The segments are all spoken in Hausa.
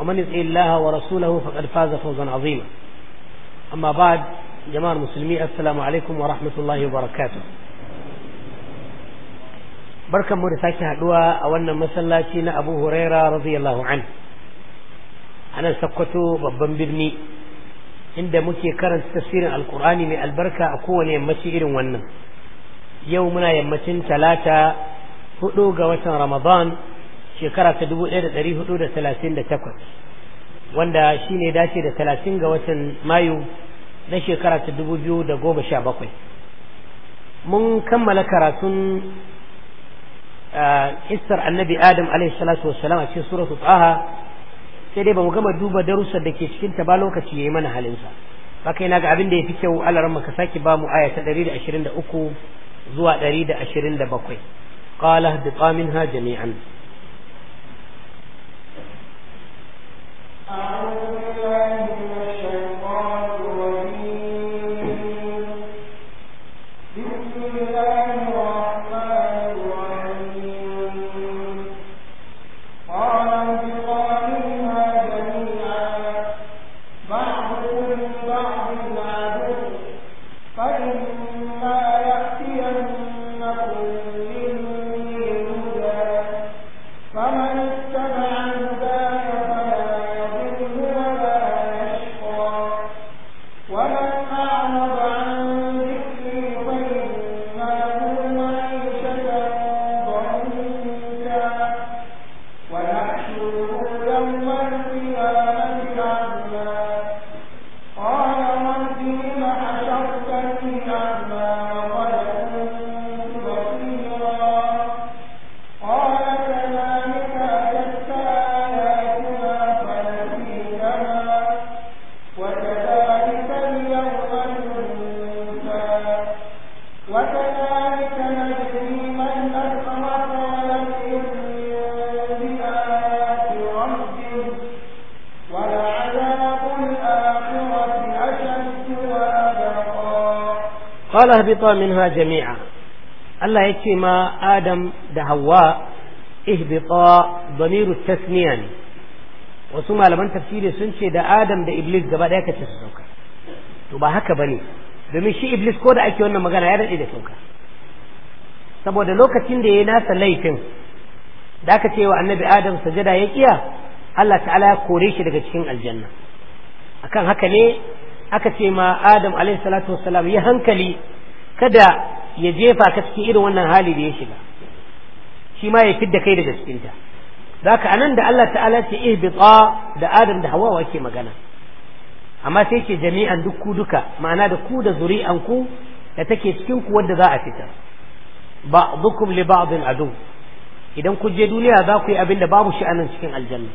ومن يطع الله ورسوله فقد فاز فوزا عظيما أما بعد جماعة المسلمين السلام عليكم ورحمة الله وبركاته بركة مرساكي هدوى أولنا مسلاتين أبو هريرة رضي الله عنه أنا سقطوا ببن ببني عند مكي كرن تفسير القرآن من البركة أكون يمشي إلى ونن يومنا يمشي ثلاثة هدوغ وشن رمضان shekara ta dubu ɗaya da ɗari hudu da talatin da takwas wanda shi ne dace da talatin ga watan mayu na shekara ta dubu biyu da goma sha bakwai mun kammala karatun kistar annabi adam alaihi salatu salam a cikin suratu tsaha sai dai ba mu gama duba darussan da ke cikin ta ba lokaci ya yi mana halinsa ba kai na ga abin da ya fi kyau alaran maka sake ba mu aya ta ɗari da ashirin da uku zuwa ɗari da ashirin da bakwai قال اهبطا منها جميعا I qala habita minha jami'a Allah ya ce ma Adam da Hawwa ihbita damiru tasniya ne wasu malaman tafsiri sun ce da Adam da Iblis gaba ka ce su sauka to ba haka bane domin shi Iblis ko da ake wannan magana ya daɗe da sauka saboda lokacin da ya yi nasa laifin da aka ce wa annabi Adam jada ya kiya Allah ta'ala ya kore shi daga cikin aljanna akan haka ne aka ce ma adam alaihi salatu wassalam ya hankali kada ya jefa ka cikin irin wannan hali da ya shiga shi ma ya fidda kai daga cikinta zaka anan da Allah ta'ala ce ihbita da adam da hawa wake magana amma sai ce jami'an duk duka ma'ana da ku da zuri'an ku da take cikin ku wanda za a fita. dukum li ba'din adu idan ku je duniya za ku yi abin da babu shi anan cikin aljanna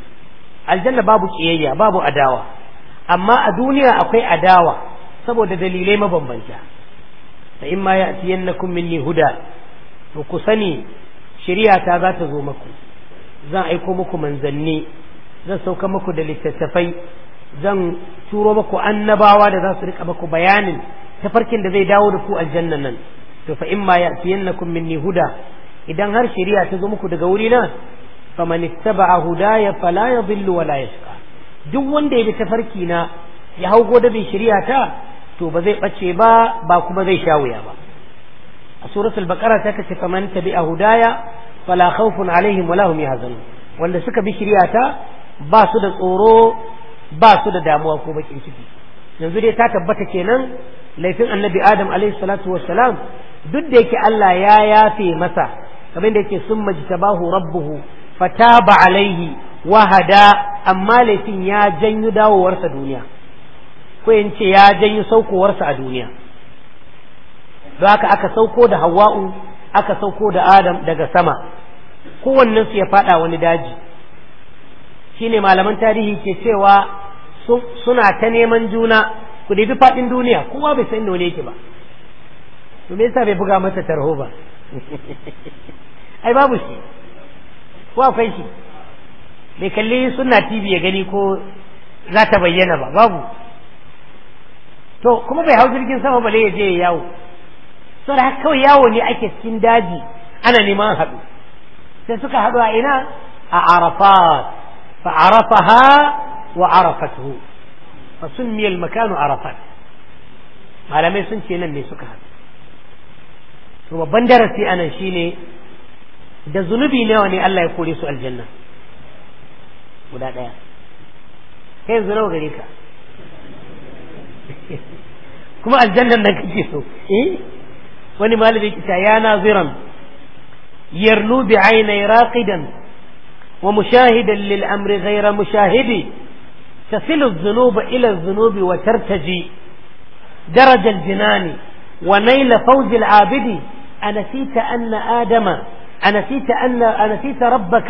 aljanna babu kiyayya babu adawa amma a duniya akwai adawa saboda dalilai mabambanta fa in ma ya ya'tiyannakum minni huda to ku sani shari'a ta za ta zo muku zan aiko muku manzanni zan sauka muku da littattafai zan turo muku annabawa da za su rika muku bayanin tafarkin da zai dawo da ku aljanna nan to fa in ma ya ya'tiyannakum minni huda idan har shari'a ta zo muku daga wurina faman ittaba'a hudaya fala yadhillu wala yashqa duk wanda ya bi tafarki na ya hau bai shirya ta to ba zai bace ba ba kuma zai sha wuya ba a suratul baqara ta kace faman tabi'a hudaya fala khawfun alaihim wala hum yahzanun wanda suka bi shirya ta ba su da tsoro ba su da damuwa ko bakin ciki yanzu dai ta tabbata kenan laifin annabi adam alaihi salatu wassalam duk da yake Allah ya yafe masa kamar da yake sun majtabahu rabbuhu fataba alaihi wahada amma laifin ya janyo dawowarsa duniya ko in ce ya janyo saukowarsa a duniya don haka aka sauko da hawa'u aka sauko da adam daga sama kowannen su ya fada wani daji shine malaman tarihi ke cewa suna ta neman juna ku faɗin duniya kowa bai san inda ki ba to me yasa bai buga masa tarho ba ai babu shi ko akwai shi bai kalli suna tv ya gani ko za ta bayyana ba babu to kuma bai hau jirgin sama bale ya je ya yawo da haka kawai yawo ne ake cikin daji ana neman haɗu sai suka haɗu a ina a arafat fa arafaha wa arafatuhu fa sun al-makanu arafat malamai sun ce nan ne suka haɗu to babban darasi anan shine da zunubi nawa ne Allah ya kore su aljanna guda ɗaya kai yanzu nawa gare ka kuma aljannan nan kake so eh wani malami kita ya naziran yarnu bi ainai raqidan wa mushahidan lil amri ghayra mushahidi tasilu dhunuba ila dhunubi wa tartaji درج الجنان ونيل فوز العابد أنسيت أن آدم أنسيت أن أنسيت ربك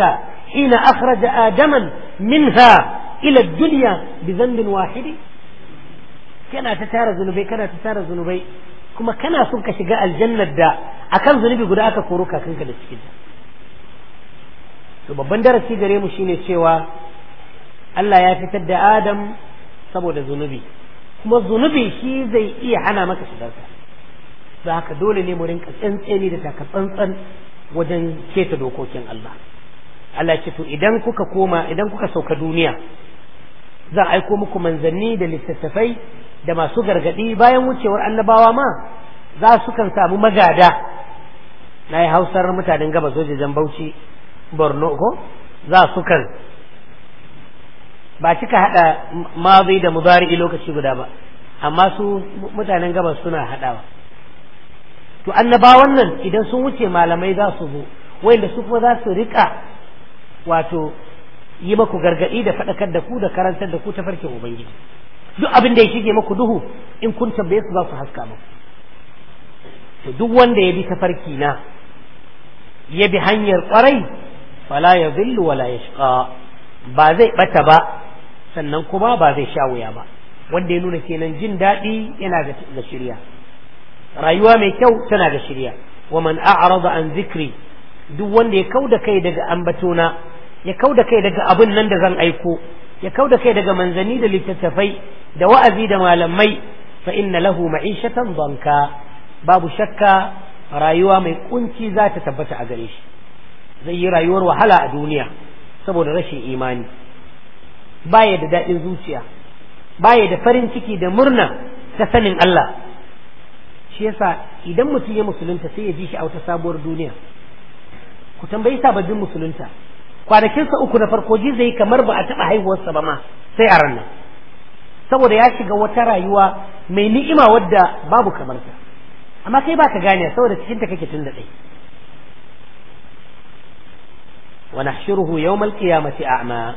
حين أخرج آدما منها إلى الدنيا بذنب واحد كنا تتارى ذنوبي كنا تتارى ذنوبي كما كنا سنك شقاء الجنة دا أكان ذنوبي قد أكا كوروكا كنك لسكين to babban darasi gare mu shine cewa Allah ya fitar da Adam saboda zunubi kuma zunubi shi zai iya hana maka shigarka da haka dole ne mu rinka tsantseni da taka tsantsan wajen keta dokokin Allah Allah ce to idan kuka koma idan kuka sauka duniya za a aiko muku manzanni da littattafai da masu gargadi bayan wucewar annabawa ma za su kan samu magada na yi hausar mutanen gaba sojajen bauchi borno ko za su kan ba cika haɗa mazi da mubari lokaci guda ba amma su mutanen gaba suna haɗawa to annabawan nan idan sun wuce malamai za su zo wanda su kuma za su riƙa wato yi maku gargaɗi da faɗakar da ku da karantar da ku ta farkin ubangiji duk abin da ya shige maku duhu in kun tambaye su za su haska maku to duk wanda ya bi ta farki na ya bi hanyar kwarai fala ya zillu wala ya ba zai ɓata ba sannan kuma ba zai sha wuya ba wanda ya nuna kenan jin daɗi yana ga shirya rayuwa mai kyau tana da shirya wa man a'rada an zikri duk wanda ya kauda kai daga ambatona ya kau da kai daga abin nan da zan aiko ya kau da kai daga manzani da littattafai da wa'azi da malamai fa inna lahu ma'ishatan banka babu shakka rayuwa mai kunci za ta tabbata a gare shi zai yi rayuwar wahala a duniya saboda rashin imani baya da daɗin zuciya baya da farin ciki da murna ta sanin Allah shi yasa idan mutum ya musulunta sai ya ji shi a wata sabuwar duniya ku tambayi sababbin musulunta kwanakinsa uku na farko ji zai kamar ba a taɓa haihuwarsa ba ma sai a ranar saboda ya shiga wata rayuwa mai ni'ima wadda babu kamar ta amma kai ka gane saboda cikin ta kake tun dai wa nahshuruhu yawmal qiyamati a'ma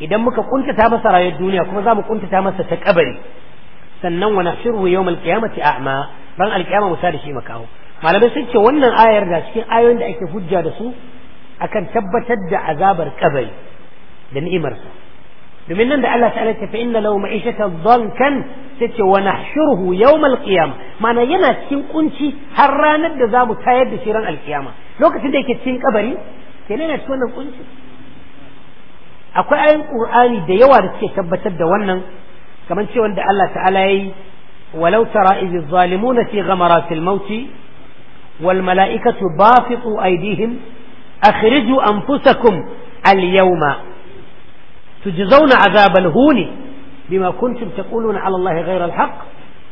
idan muka kuntata masa rayuwar duniya kuma zamu kuntata masa ta kabari sannan wa nahshuruhu yawmal qiyamati a'ma ran alqiyama musa da shi makawo malamai sun ce wannan ayar da cikin ayoyin da ake hujja da su akan tabbatar da azabar kabari da ni'imarsa domin nan da Allah ta'ala ce fa inna lahu ma'ishatan dhankan tace wa nahshuruhu yawm al-qiyam ma'ana yana cikin kunci har ranar da zamu tayar da shi ran al lokacin da yake cikin kabari kenan yana cikin wannan kunci akwai ayin qur'ani da yawa da suke tabbatar da wannan kamar ce wanda Allah ta'ala yayi yi tara idh zalimuna fi ghamaratil mauti wal mala'ikatu bafitu aydihim أخرجوا أنفسكم اليوم تجزون عذاب الهون بما كنتم تقولون على الله غير الحق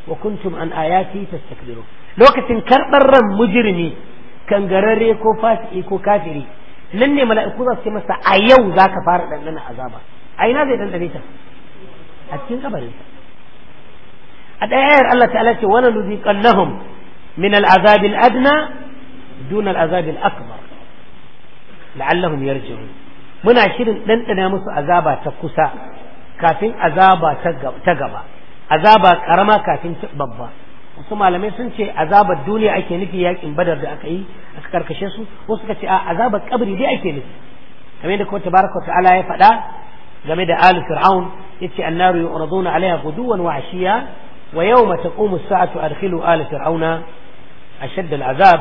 وكنتم عن آياتي تستكبرون لوك تنكر برا مجرمي كان قرري كو فاسئي كو كافري نني ملائكو ذا سمسا أيو ذاك فارد لنا عذابا أين هذا إذن أبيتا أتين قبل الآير الله تعالى وَنَا نُذِيقَ لَهُمْ مِنَ الْعَذَابِ الْأَدْنَى دون العذاب الأكبر la'allahum yarji'un muna shirin ɗanɗana musu azaba ta kusa kafin azaba ta gaba azaba karama kafin babba wasu malamai sun ce azabar duniya ake nufi yakin badar da aka yi aka karkashe su wasu suka ce a azabar kabri dai ake nufi kamar yadda kuma tabaraka ta'ala ya faɗa game da ali fir'aun yace annaru yu'raduna alayha ghuduwan wa ashiya wa yawma taqumu as-sa'atu adkhilu ali fir'auna ashadda al-azab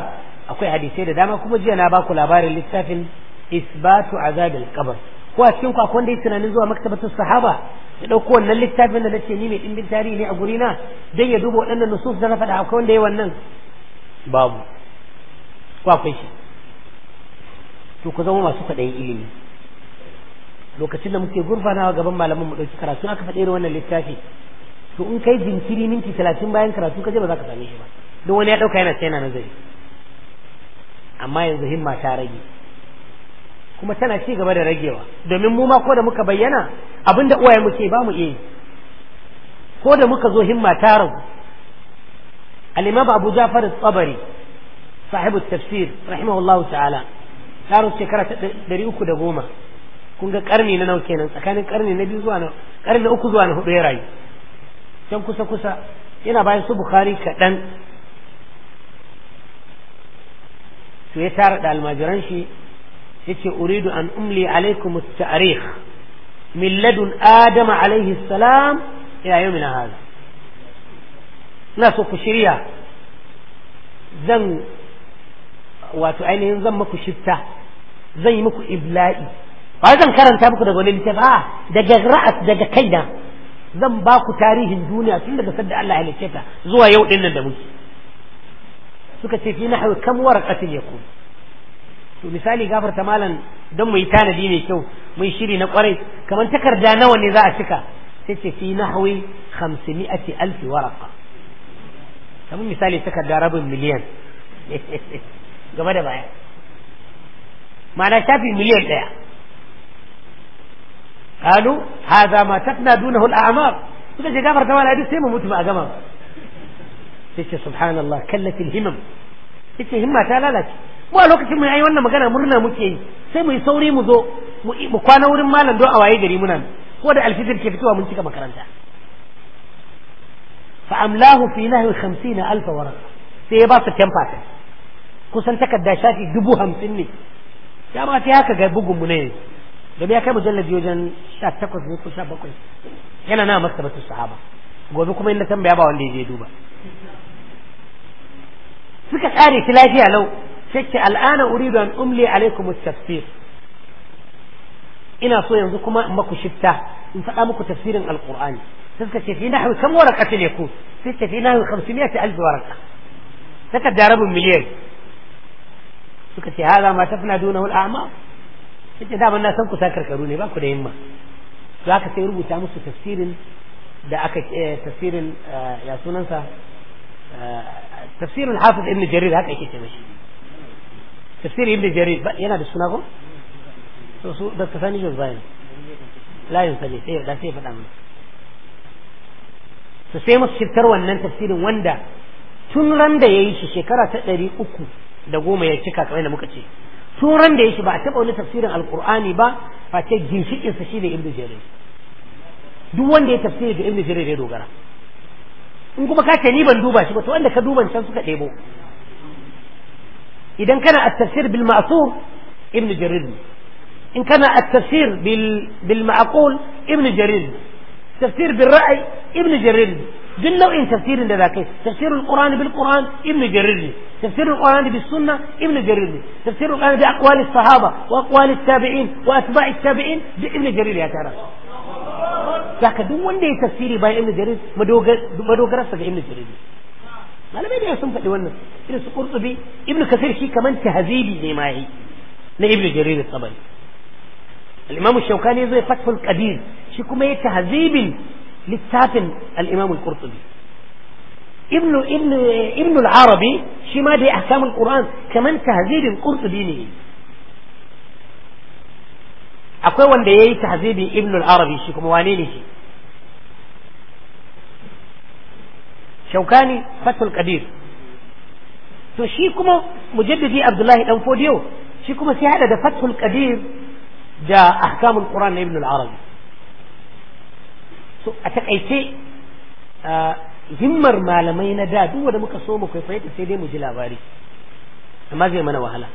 akwai hadisai da dama kuma jiya na ba ku labarin littafin isbatu azabil qabr ko a cikin ku akwai wanda tunanin zuwa maktabatul sahaba ya dauko wannan littafin da nace ni mai ɗimbin tarihi ne a guri na dan ya duba waɗannan nusus da na faɗa akwai wanda ya wannan babu ko akwai shi to ku zama masu kwaɗayin ilimi lokacin da muke gurfanawa gaban malaman mu ɗauki karatu aka faɗi irin wannan littafi to in kai jinkiri minti talatin bayan karatu ka je ba za ka same shi ba don wani ya ɗauka yana sai yana nazari amma yanzu himma ta rage kuma tana ci gaba da ragewa domin mu ma ko da muka bayyana abinda uwaye muke ba mu iya ko da muka zo himma ta ragu al-imam Abu Ja'far al-Tabari sahibu tafsir rahimahullahu ta'ala taro shekara ta 310 kun ga karni na nau kenan tsakanin karni na biyu zuwa na karni na uku zuwa na hudu ya rayu can kusa kusa yana bayan su Bukhari kaɗan to ya tara da almajiran shi yace uridu an umli alaikum tarikh min ladun adam alaihi salam ila mina haza na so ku shirya zan wato ainihin zan muku shifta zan yi muku ibla'i ba zan karanta muku daga wani littafi a daga ra'as daga kaina zan ba ku tarihin duniya tun daga sadda Allah ya halicce ta zuwa yau dinnan da muke suka ce fi nahwi kam warqatin yakun to misali gafarta malam don mu yi tanadi ne kyau mu shiri na kwarai kamar takarda nawa ne za a cika sai ce fi nahwi 500 alf waraqa kamar misali takarda rabin miliyan gaba da baya ma'ana shafi miliyan daya قالوا هذا ما تقنا دونه الأعمار suka ce gafarta malam duk sai mu mutu ba a gama yace subhanallah kallatil himam yace himma ta lalace mu a lokacin mu yayi wannan magana murna muke yi sai mu yi sauri mu zo mu kwana wurin malam do a waye gari muna ko da alfijir ke fitowa mun cika makaranta fa amlahu fi nahwi 50 alf warqa sai ya ba su tempa kusan takarda shafi dubu hamsin ne ya ba ta haka ga bugun mu ne yanzu domin ya kai mujallabi wajen sha ne ko sha yana na masa sahaba gobe kuma inda tambaya ba wanda ya je duba suka tsare ki lafiya lau sai al'ana uridu an umli alaikum tafsir ina so yanzu kuma in maku shifta in faɗa muku tafsirin alqur'ani sai suka ce fi nahwi kam ne ku sai ce fi nahwi 500 alf waraqa saka darabin miliyan suka ce hada ma tafna dunahu al'ama sai ce dama na san ku karkaru ne ba ku da himma to haka sai rubuta musu tafsirin da aka eh, tafsirin eh, ya sunansa eh, tafsirin hafiz ibn jarir haka yake ce mashi tafsir ibn jarir yana da suna ko so su da ka sani jozai ne layin sani sai faɗa mana su sai musu shirkar wannan tafsirin wanda tun ran da ya yi shi shekara ta ɗari uku da goma ya cika kamar da muka ce tun ran da ya shi ba a taɓa wani tafsirin alƙur'ani ba face ginshiƙinsa shi ne ibn jarir duk wanda ya tafsiri da ibn jarir ya dogara in kuma ka ce ni ban duba shi ba to wanda ka duban can suka ɗebo idan kana at-tafsir bil ma'thur ibn jarir in kana at-tafsir bil bil ma'qul ibn jarir tafsir bil ra'y ibn jarir duk nau'in tafsir da zakai tafsir al-quran bil qur'an ibn jarir tafsirul qur'ani bis sunna ibn jarir tafsirul qur'ani bi aqwali sahaba wa aqwali tabi'in wa atba'i tabi'in bi ibn jarir ya tara saka duk wanda ya tafsiri bayan Ibn jarir sa ga Ibn jarir malamai da sun faɗi wannan irin su qurtubi Ibn kasir shi kaman tahzibi ne ma yi na Ibn jarir sabari al-imam Shawkani zai fathul qadir shi kuma ya tahzibin littafin al-imam al-qurtubi Ibn Ibn Ibn ابن ابن ابن العربي شي ما دي احكام القران كمان Qurtubi ne. akwai wanda yayi yi ibn al-arabi shi kuma wane ne shi shaukani fatul qadir to shi kuma mujaddidi abdullahi dan fodiyo shi kuma sai hada da fatul qadir da ahkamul quran na ibn al-arabi so a takaice himmar malamai na da duk wanda muka so mu kai kwaikwaye sai dai mu ji labari amma zai mana wahala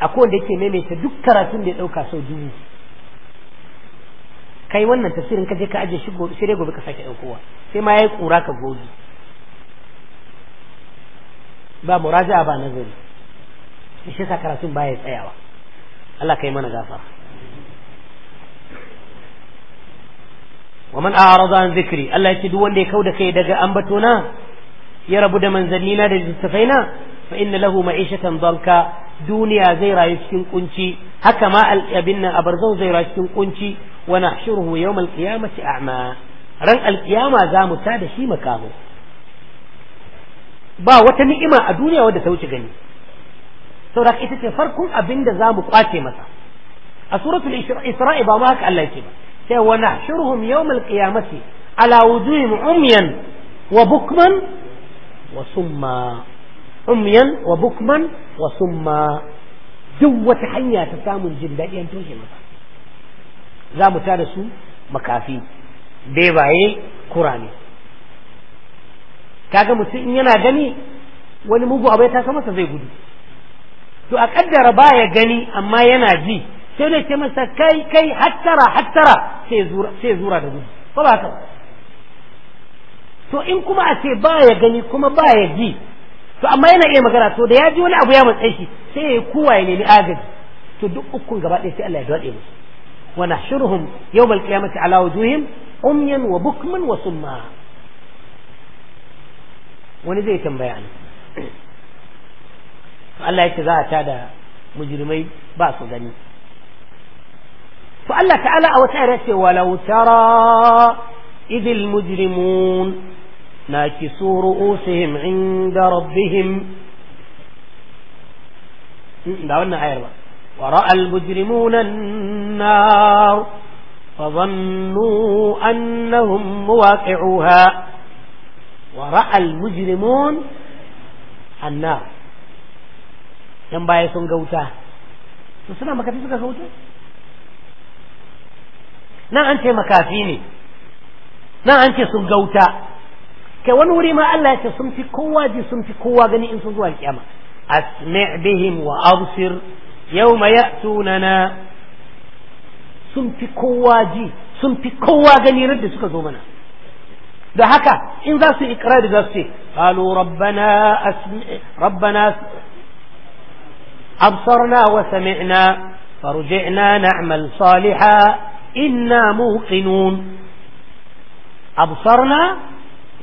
akwai wanda yake maimaita duk karatun da ya dauka sau dubu kai wannan tafsirin kaje ka aje shigo shi dai gobe ka sake dan kowa sai ma ya yi kura ka gobe ba a ba na gari shi sa karatu ba ya tsayawa Allah kai mana gafa waman a'rada an zikri Allah yake duk wanda ya kau da kai daga ambato na ya rabu da manzanina na da tsafaina fa inna lahu ma'ishatan dalka duniya zai rayu cikin kunci haka ma al-yabinna abarzau zai rayu cikin kunci wa nahshuruhu yawm al ran alkiyama za mu ta da shi makaho ba wata ni'ima a duniya wadda ta wuce gani saboda ita ce farkon abin da za mu kwace masa a suratul isra'i ba ma haka Allah yake ba sai wa nahshuruhum yawm al-qiyamati ala wujuhihim umyan wa bukman wa summa umyan wa bukman wa summa duk wata hanya ta samun jin daɗi an toshe masa za mu tada su makafi bebaye kurane kaga mutum in yana gani wani mugu abai ta masa zai gudu to a kaddara ya gani amma yana ji sai dai ce masa kai kai hattara hattara sai zura da gudu ko ba to in kuma a ce ba ya gani kuma ba ya ji to amma yana iya magana to da ya ji wani abu ya matsayi sai ya kuwa ya nemi agaji to duk ukun gaba ɗaya sai Allah ya daɗe musu ونحشرهم يوم القيامة على وجوههم أميا وبكما وصما ونزيت بيان فألا يتزاع تادا مجرمين باس ذني فألا تعالى أو ولو ترى إذ المجرمون ناكسوا رؤوسهم عند ربهم دعونا عيرا ورأى المجرمون النار فظنوا أنهم مواقعوها ورأى المجرمون النار yan baya sun gauta su suna makafi suka gauta nan an ce makafi ne nan an ce sun gauta kai wani wuri ma Allah ya ce sun fi kowa sun fi kowa gani in sun zuwa kiyama asmi' wa absir يوم يأتوننا sun fi kowa ji sun fi kowa gani da suka zo mana da haka in za su ikirari za su ce qalu rabbana rabbana absarna wa sami'na farji'na na'mal salihan inna muqinun absarna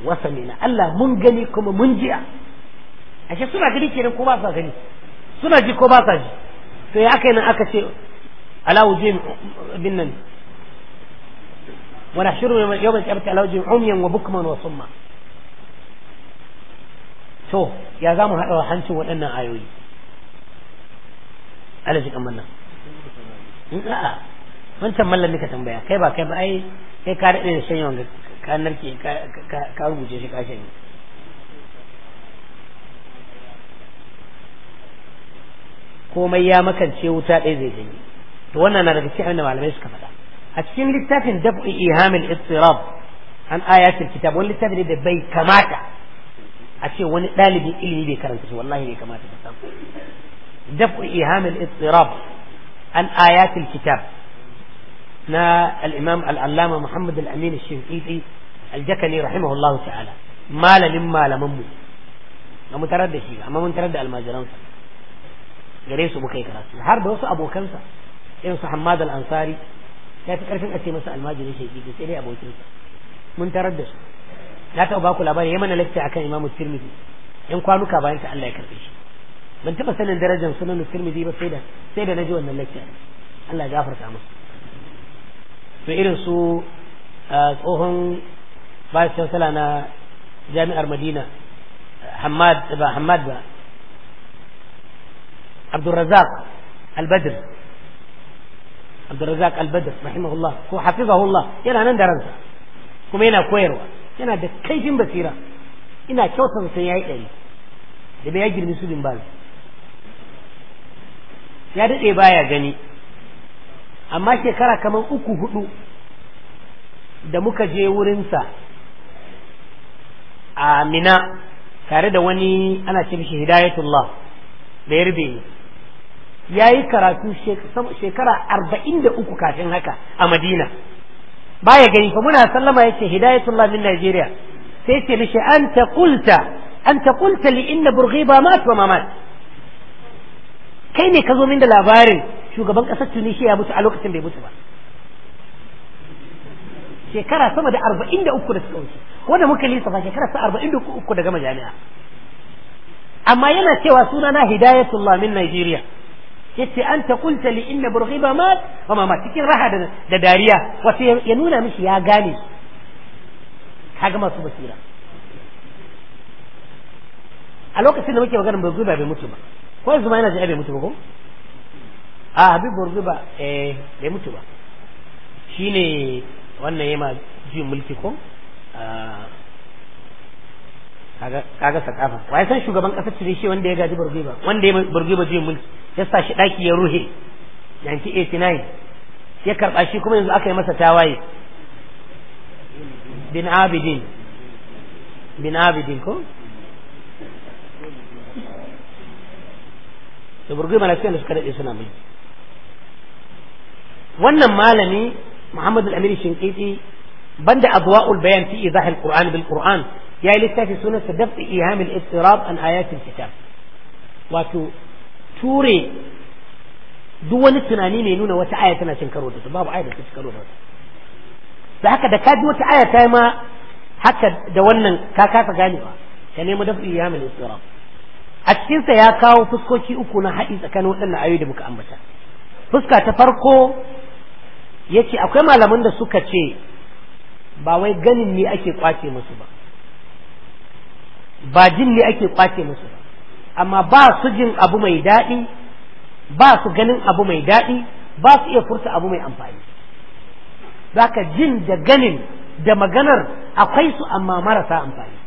wa sami'na Allah mun gani kuma mun jiya ashe suna gani kenan ko ba sa gani suna ji ko ba sa ji to ya aka nan aka ce ala wujuhin bin nan wa nahshuru yawmal qiyamati ala wujuhin umyan wa bukman wa summa to ya za haɗa wa hancin waɗannan ayoyi ala shi kamar nan a'a wancan mallan nika tambaya kai ba kai ba ai kai ka daɗe da shan yawan ka narke ka rubuce shi ka shanye komai ya makance wuta ɗaya zai janye to wannan na daga cikin da malamai suka faɗa a cikin littafin dab'u ihamil istirab an ayatul kitab wani littafi da bai kamata a ce wani ɗalibin ilimi bai karanta shi wallahi bai kamata ba samu dab'u ihamil istirab an ayatul kitab na al-imam al-allama muhammad al-amin al-shinqiti al-jakani rahimahullahu ta'ala malamin malaman mu ba tarar da shi amma mun tarar da almajiransa gare su muka yi karatu har da wasu abokansa irin su Hammad al-Ansari ya fi karfin ace masa almajirin shaiki sai dai abokinsa mun tarar da su na taɓa ku labari ya mana lakta akan imamu Tirmidhi yan kwanuka bayan ta Allah ya karbe shi ban taba sanin darajar sunan Tirmidhi ba sai da sai da naji wannan lakta Allah ya gafarta musu to irin su tsohon bayan sala na jami'ar Madina Hammad ba Hammad ba Abdurrazzaq Al-Badr Abdurrazzaq Al-Badr rahimahullah ko hafizahullah yana nan da ransa kuma yana koyarwa yana da kaifin basira ina kyautar san yayi dari da bai ya girmi su bin baz ya dade baya gani amma shekara kamar uku huɗu da muka je wurinsa a mina tare da wani ana ce mishi hidayatullah da yarbe ya yi karatu shekara arba'in da uku kafin haka a madina baya gani fa muna sallama ce hidayatullah min najeriya sai ce mishi kulta an ta kulta li inna ba mat wa mamat kai ne ka zo min da labarin shugaban kasar tunisia ya mutu a lokacin bai mutu ba shekara sama da arba'in da uku da suka wuce wanda muka ba shekara sa arba'in da uku da gama jami'a amma yana cewa suna na hidayatullah min najeriya yace ta kunta li inna burghiba mat wa ma cikin raha da dariya wato ya nuna mishi ya gane kaga masu basira a lokacin da muke magana burghiba bai mutu ba ko yanzu ma yana jin bai mutu ba ko a habib burghiba eh bai mutu ba shine wannan yema jin mulki ko ah, kaga sakafa wai san shugaban kasar shi wanda ya gaji Burgiba wanda ya Burgiba juyin mulki ya sa shi daki ya ruhe 89 ya karba shi kuma yanzu aka yi masa tawaye bin abidin bin abidin ko da Burgiba na sai suka daɗe suna mulki wannan malami muhammadu al-Amiri Shinkiti banda adwa'ul bayan fi izahil Qur'an bil Qur'an ya yi littafi sunansa dafi ihamil istirab an ayatul kitab wato ture duk wani tunani mai nuna wata aya tana cin karo da su babu aya da cin karo da su da haka da ka ji wata aya ta ma haka da wannan ka kasa ganewa ka nemo dafi ihamil istirab a cikinsa ya kawo fuskoki uku na haɗi tsakanin waɗannan ayoyi da muka ambata fuska ta farko ya ce akwai malaman da suka ce ba wai ganin ne ake kwace musu ba ba jin ne ake kwace musu amma ba su jin abu mai daɗi ba su ganin abu mai daɗi ba su iya furta abu mai amfani zaka jin da ganin da maganar akwai su amma marasa amfani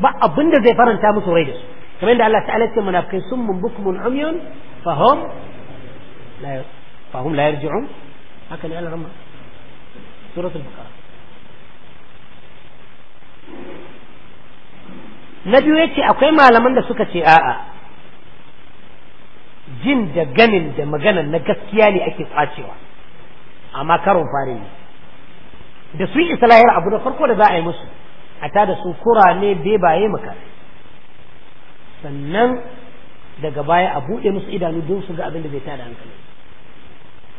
ba abin da zai faranta musu rai da su kamar yadda Allah ta'ala ce munafikai sun mumbukumun umyun fahum la fahum la yarji'un haka ne Allah rama suratul baqara na biyu yace akwai malaman da suka ce a'a jin da ganin da maganan na gaskiya ne ake tsacewa amma karon fari ne da su isa lahira abu da farko da za a yi musu a ta da su kura ne bebaye maka sannan daga baya a buɗe musu idanu don su ga abin da zai da hankali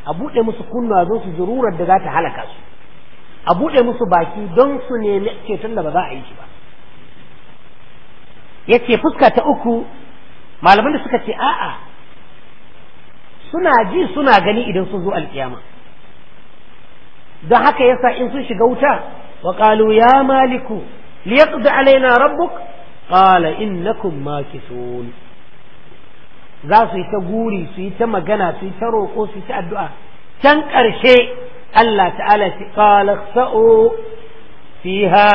a buɗe musu kunnuwa don su zururar da za ta halaka su a buɗe musu baki don su nemi ceton da ba za a yi shi ba yace fuska ta uku malaman da suka ce a'a suna ji suna gani idan sun zo alkiyama don haka yasa in sun shiga wuta wa qalu ya maliku liyaqdi alaina rabbuk qala innakum makisun za su yi ta guri su yi ta magana su yi ta roƙo su yi ta addu'a can ƙarshe Allah ta'ala ce qala sa'u fiha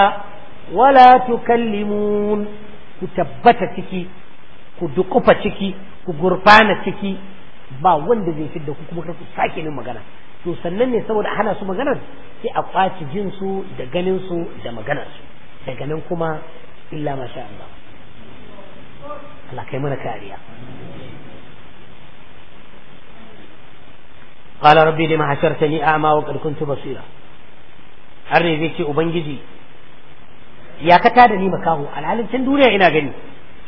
wala tukallimun ku tabbata ciki ku dukufa ciki ku gurfana ciki ba wanda zai fidda ku kuma ku sake yin magana to sannan ne saboda hana su maganar sai a kwaci jin su da ganin su da maganar su daga nan kuma illa masha Allah Allah kai mana kariya قال ربي لما حشرتني أعمى وقد كنت بصيرا أرني ذيك ubangiji. ya ka tada ni makaho alhalin duniya ina gani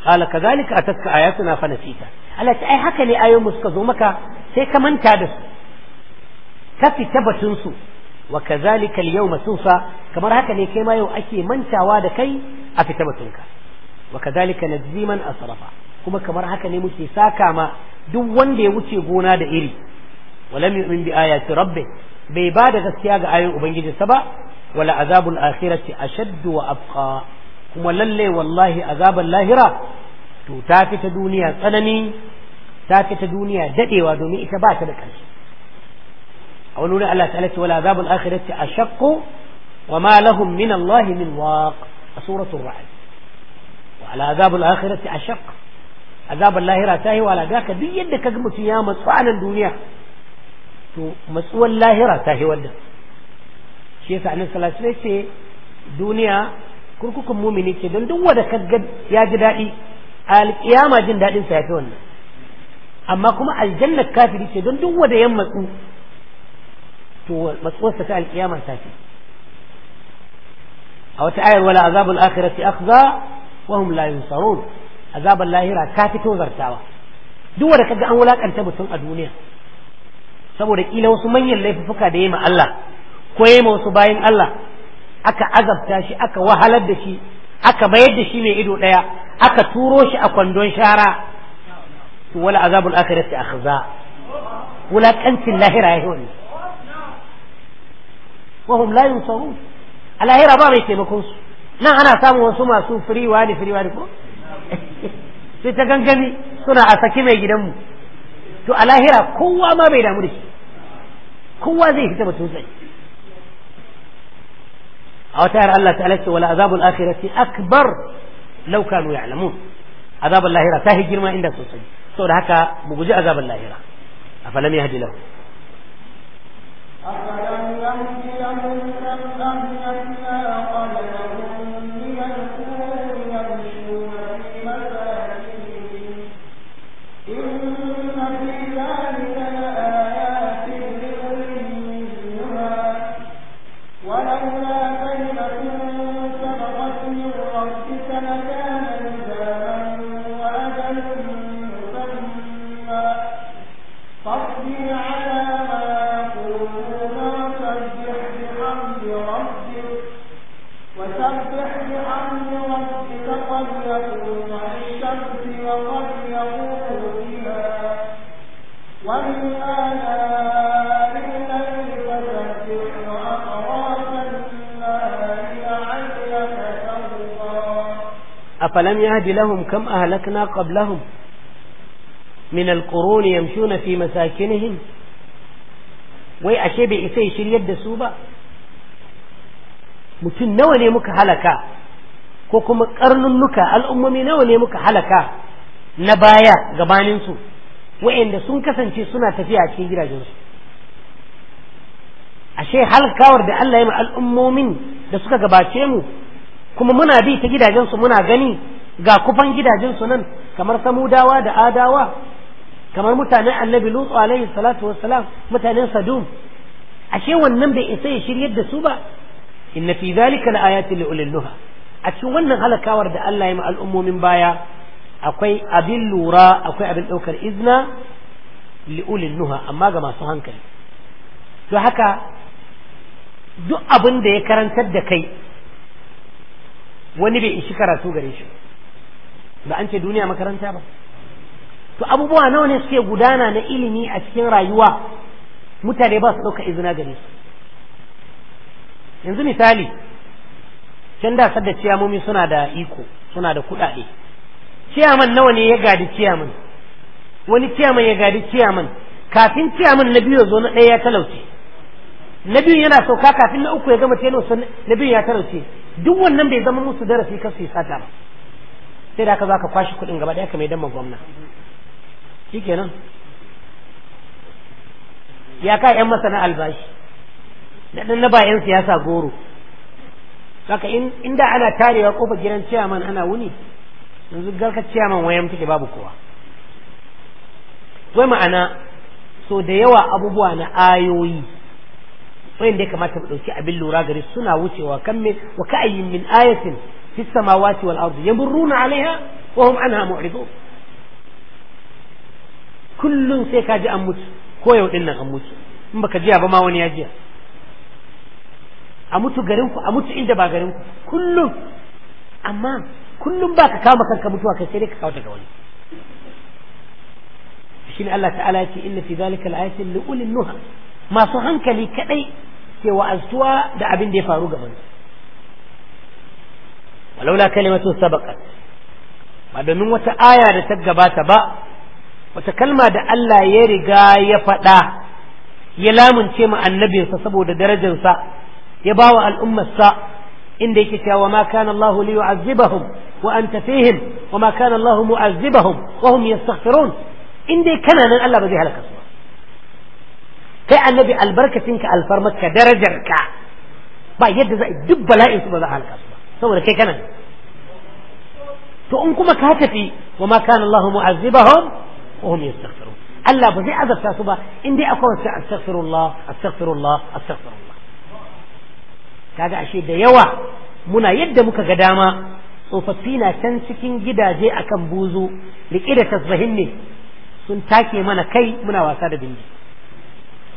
qala kadhalika atatka ayatuna fa nasita Allah ta ai haka ne ayoyin suka zo maka sai ka manta da su ka fita batun su wa kadhalika al-yawma kamar haka ne kai ma yau ake mantawa da kai a fita ka wa kadhalika najzi man asrafa kuma kamar haka ne muke saka ma duk wanda ya wuce gona da iri walam yu'min bi ayati rabbih bai ba da gaskiya ga ayoyin ubangijinsa ba wala azabul akhirati ashaddu wa abqa kuma lalle wallahi azabul lahira to ta fi duniya tsanani ta fi duniya dadewa domin ita ba ta da ƙarshe a wani wurin Allah ta'ala ce wala azabul akhirati ashaqqu wa ma lahum min Allah min waq a suratul ra'd wa ala azabul akhirati ashaqq azabul lahira tahi yi wala da ka duk yadda kaga mutum ya matsu a nan duniya to matsuwar lahira ta yi wannan shi yasa annabi sallallahu ce duniya kurkukun mumini ce don duk wanda ga ya ji daɗi alƙiyama jin daɗin sa fi wannan amma kuma aljanna kafiri ce don duk wanda ya matsu to matsuwarsa ta alƙiyama ta ce a wata ayar wala azabul akhirati akhza wa hum la yunsarun azabul lahira ta fito zartawa duk wanda ga an wulakanta mutum a duniya saboda kila wasu manyan laifuka da yayi ma Allah Koye ma wasu bayan Allah aka azabta shi aka wahalar da shi aka bayar da shi mai ido ɗaya aka turo shi a kwandon shara to wala azabul akhirati akhza wulakancin lahira ya hiwani wahum la yunsarun a lahira ba mai taimakon su nan ana samun wasu masu firiwa ne firiwa ne ko sai ta gangami suna a saki mai gidanmu to a lahira kowa ma bai damu da shi kowa zai fita mutum sai أو تعالى الله تعالى ولعذاب الآخرة أكبر لو كانوا يعلمون عذاب اللاهرة تاهي جرما عند سوسي سؤال هكا بوجه عذاب اللاهرة أفلم يهدي له أفلم يهدي له أفلم يهدي له أفلم يهد لهم كم أهلكنا قبلهم من القرون يمشون في مساكنهم wai ashe bai isa ya shiryar da su ba mutum nawa ne muka halaka ko kuma karnunnuka al'ummomi nawa ne muka halaka na baya gabaninsu wa'anda sun kasance suna tafiya a cikin gidajensu ashe halkawar da Allah ya al'ummomin da suka gabace mu kuma muna bi ta gidajensu muna gani ga kufan gidajensu nan kamar samudawa da adawa kamar mutanen annabi lutsu alaihi salatu wassalam mutanen sadum ashe wannan bai isa ya shiryar da su ba inna fi zalika laayatin li ulil a cikin wannan halakawar da Allah ya ma al'ummomin baya akwai abin lura akwai abin daukar izna li amma ga masu hankali to haka duk abin da ya karantar da kai wani bai ishi karatu gare shi ba an ce duniya makaranta ba to abubuwa nawa ne suke gudana na ilimi a cikin rayuwa mutane ba su ɗauka izina gare su yanzu misali can da sadda ciyamomi suna da iko suna da kuɗaɗe ciyaman nawa ne ya gadi ciyaman wani ciyaman ya gadi ciyaman kafin ciyaman na biyu zo na ɗaya ya talauce na biyu yana sauka kafin na uku ya gama telo na biyu ya talauce duk wannan bai zama musu darasi kar su sata ba sai da ka za ka kwashi kuɗin gaba ɗaya ka mai damar gwamna shikenan ya ka yan masana albashi da ɗan na ba siyasa goro saka in da ana tarewa kofar gidan ciyaman ana wuni yanzu garka ciyaman wayan take babu kowa wai ma'ana so da yawa abubuwa na ayoyi wanda ya kamata mu dauki abin lura gare suna wucewa kan me wa ka'ayyin min ayatin fis samawati wal ardi yamurruna 'alaiha wa hum anha mu'ridun kullun sai ka ji an mutu ko yau din nan an mutu in baka jiya ba ma wani ya jiya a mutu garin ku a mutu inda ba garin ku kullum amma kullum ba ka kama kanka mutuwa kai sai dai ka kawo daga wani shine Allah ta'ala yake inna fi zalika al-ayatin li ulil nuha masu hankali kaɗai ke wa'azuwa da abin da ya faru gaban su walaula kalimatu sabaqat ba domin wata aya da ta gabata ba wata kalma da Allah ya riga ya faɗa ya lamunce mu annabinsa saboda darajarsa ya bawa al'ummarsa inda yake cewa ma kana Allah li yu'azzibahum wa anta fihim wa ma kana Allah mu'azzibahum wa hum yastaghfirun inda kana nan Allah ba zai halaka su kai annabi albarkacinka alfarmarka darajarka ba yadda za duk bala'in su ba za a halaka su ba saboda kai kana to in kuma ka tafi wa ma kana Allahu mu'azzibahum wa hum yastaghfirun Allah ba zai azabta su ba in dai akwai wasu astaghfirullah astaghfirullah astaghfirullah kaga ashe da yawa muna yadda muka ga dama tsofaffi na can cikin gidaje akan buzu rike da tasbahin ne sun take mana kai muna wasa da bindi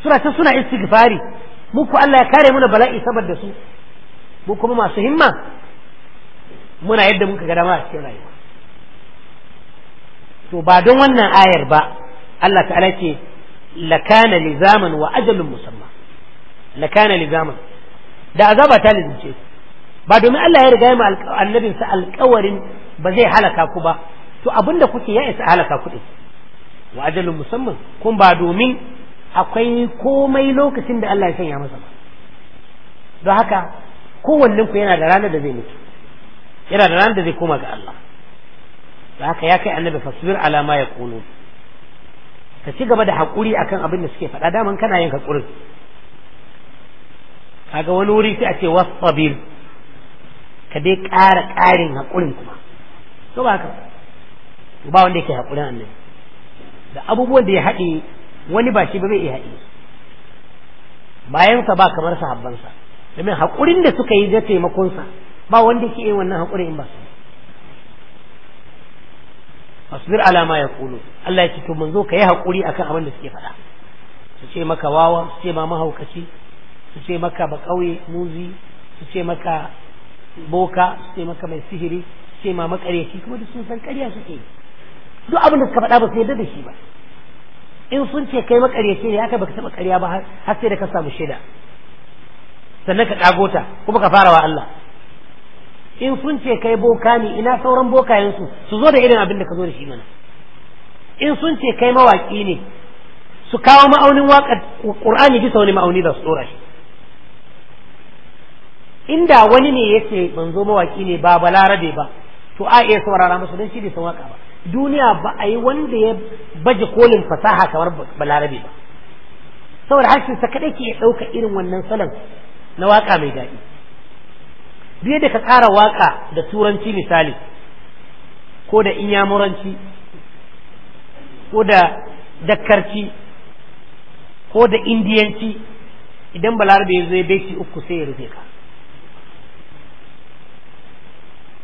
suna ta suna istighfari mu ku Allah ya kare muna bala'i saboda su mu kuma masu himma muna yadda muka ga dama a cikin rayuwa to ba don wannan ayar ba Allah ta'ala ce lakana lizaman wa ajalun musamma lakana lizaman da azaba ta lizince ba domin Allah ya riga ya annabin annabinsa alkawarin ba zai halaka ku ba to abinda kuke ya isa halaka ku din wa ajalun musamman kun ba domin akwai komai lokacin da Allah ya sanya masa ba don haka kowannen yana da ranar da zai mutu yana da ranar da zai koma ga Allah don haka ya kai annabi fasbir alama ya kulu ka ci gaba da haƙuri akan abin da suke faɗa daman kana yin haƙurin kaga wani wuri sai a ce wasabir ka dai ƙara ƙarin haƙurin kuma to ba haka ba wanda yake haƙurin annabi da abubuwan da ya haɗe wani ba shi ba zai iya haɗi bayansa ba kamar sahabbansa domin haƙurin da suka yi da taimakonsa ba wanda ke yin wannan haƙurin in ba su fasbir alama ya kulu Allah ya ce to mun zo ka yi haƙuri akan abin da suke faɗa su ce maka wawa su ce ma mahaukaci su ce maka ƙauye muzi su ce maka boka su ce maka mai sihiri su ce ma makareci kuma da sun san ƙarya suke duk abin da suka faɗa ba su yarda da shi ba in sun ce kai makaryaci ne haka baka taba karya ba har sai da ka samu shaida sannan ka kagota kuma ka fara wa Allah in sun ce kai boka ne ina sauran bokayen su su zo da irin abin da ka zo da shi mana in sun ce kai mawaki ne su kawo ma'aunin waƙar Qur'ani bisa wani ma'auni da su dora shi inda wani ne yake manzo mawaki ne ba balarabe ba to a iya saurara masa don shi bai san waka ba duniya ba a yi wanda ya baje kolin fasaha kamar balarabe ba saboda harshen sa kadai ke ɗauka irin wannan salon na waƙa mai daɗi biye da ka ƙara waƙa da turanci misali ko da inyamuranci ko da dakkarci ko da indiyanci idan balarabe ya zo ya beci uku sai ya rufe ka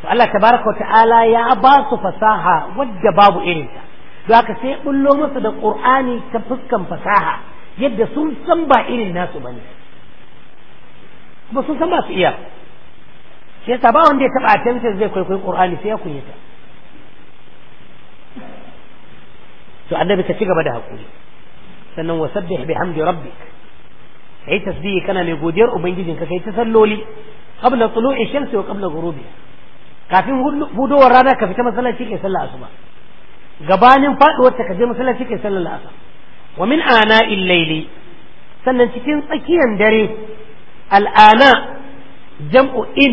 to Allah tabaraka wa ta'ala ya ba su fasaha wadda babu irin ta, don haka sai bullo musu da qur'ani ta fuskan fasaha yadda sun san ba irin nasu bane ba sun san ba su iya sai ta ba wanda ya taba tantance zai kwaikwayi qur'ani sai ya kunyata to annabi ta ci gaba da hakuri sannan wasabbih bihamdi rabbik kai tasbihi kana mai godiyar ubangijinka kai ta salloli qabla tulu'i shamsi wa qabla ghurubiha kafin hudowar rana ka fita masallaci kai sallar asuba gabanin faduwar ta ka je masallaci kai sallar asuba wa min ana illaili sannan cikin tsakiyar dare al'ana jam'u al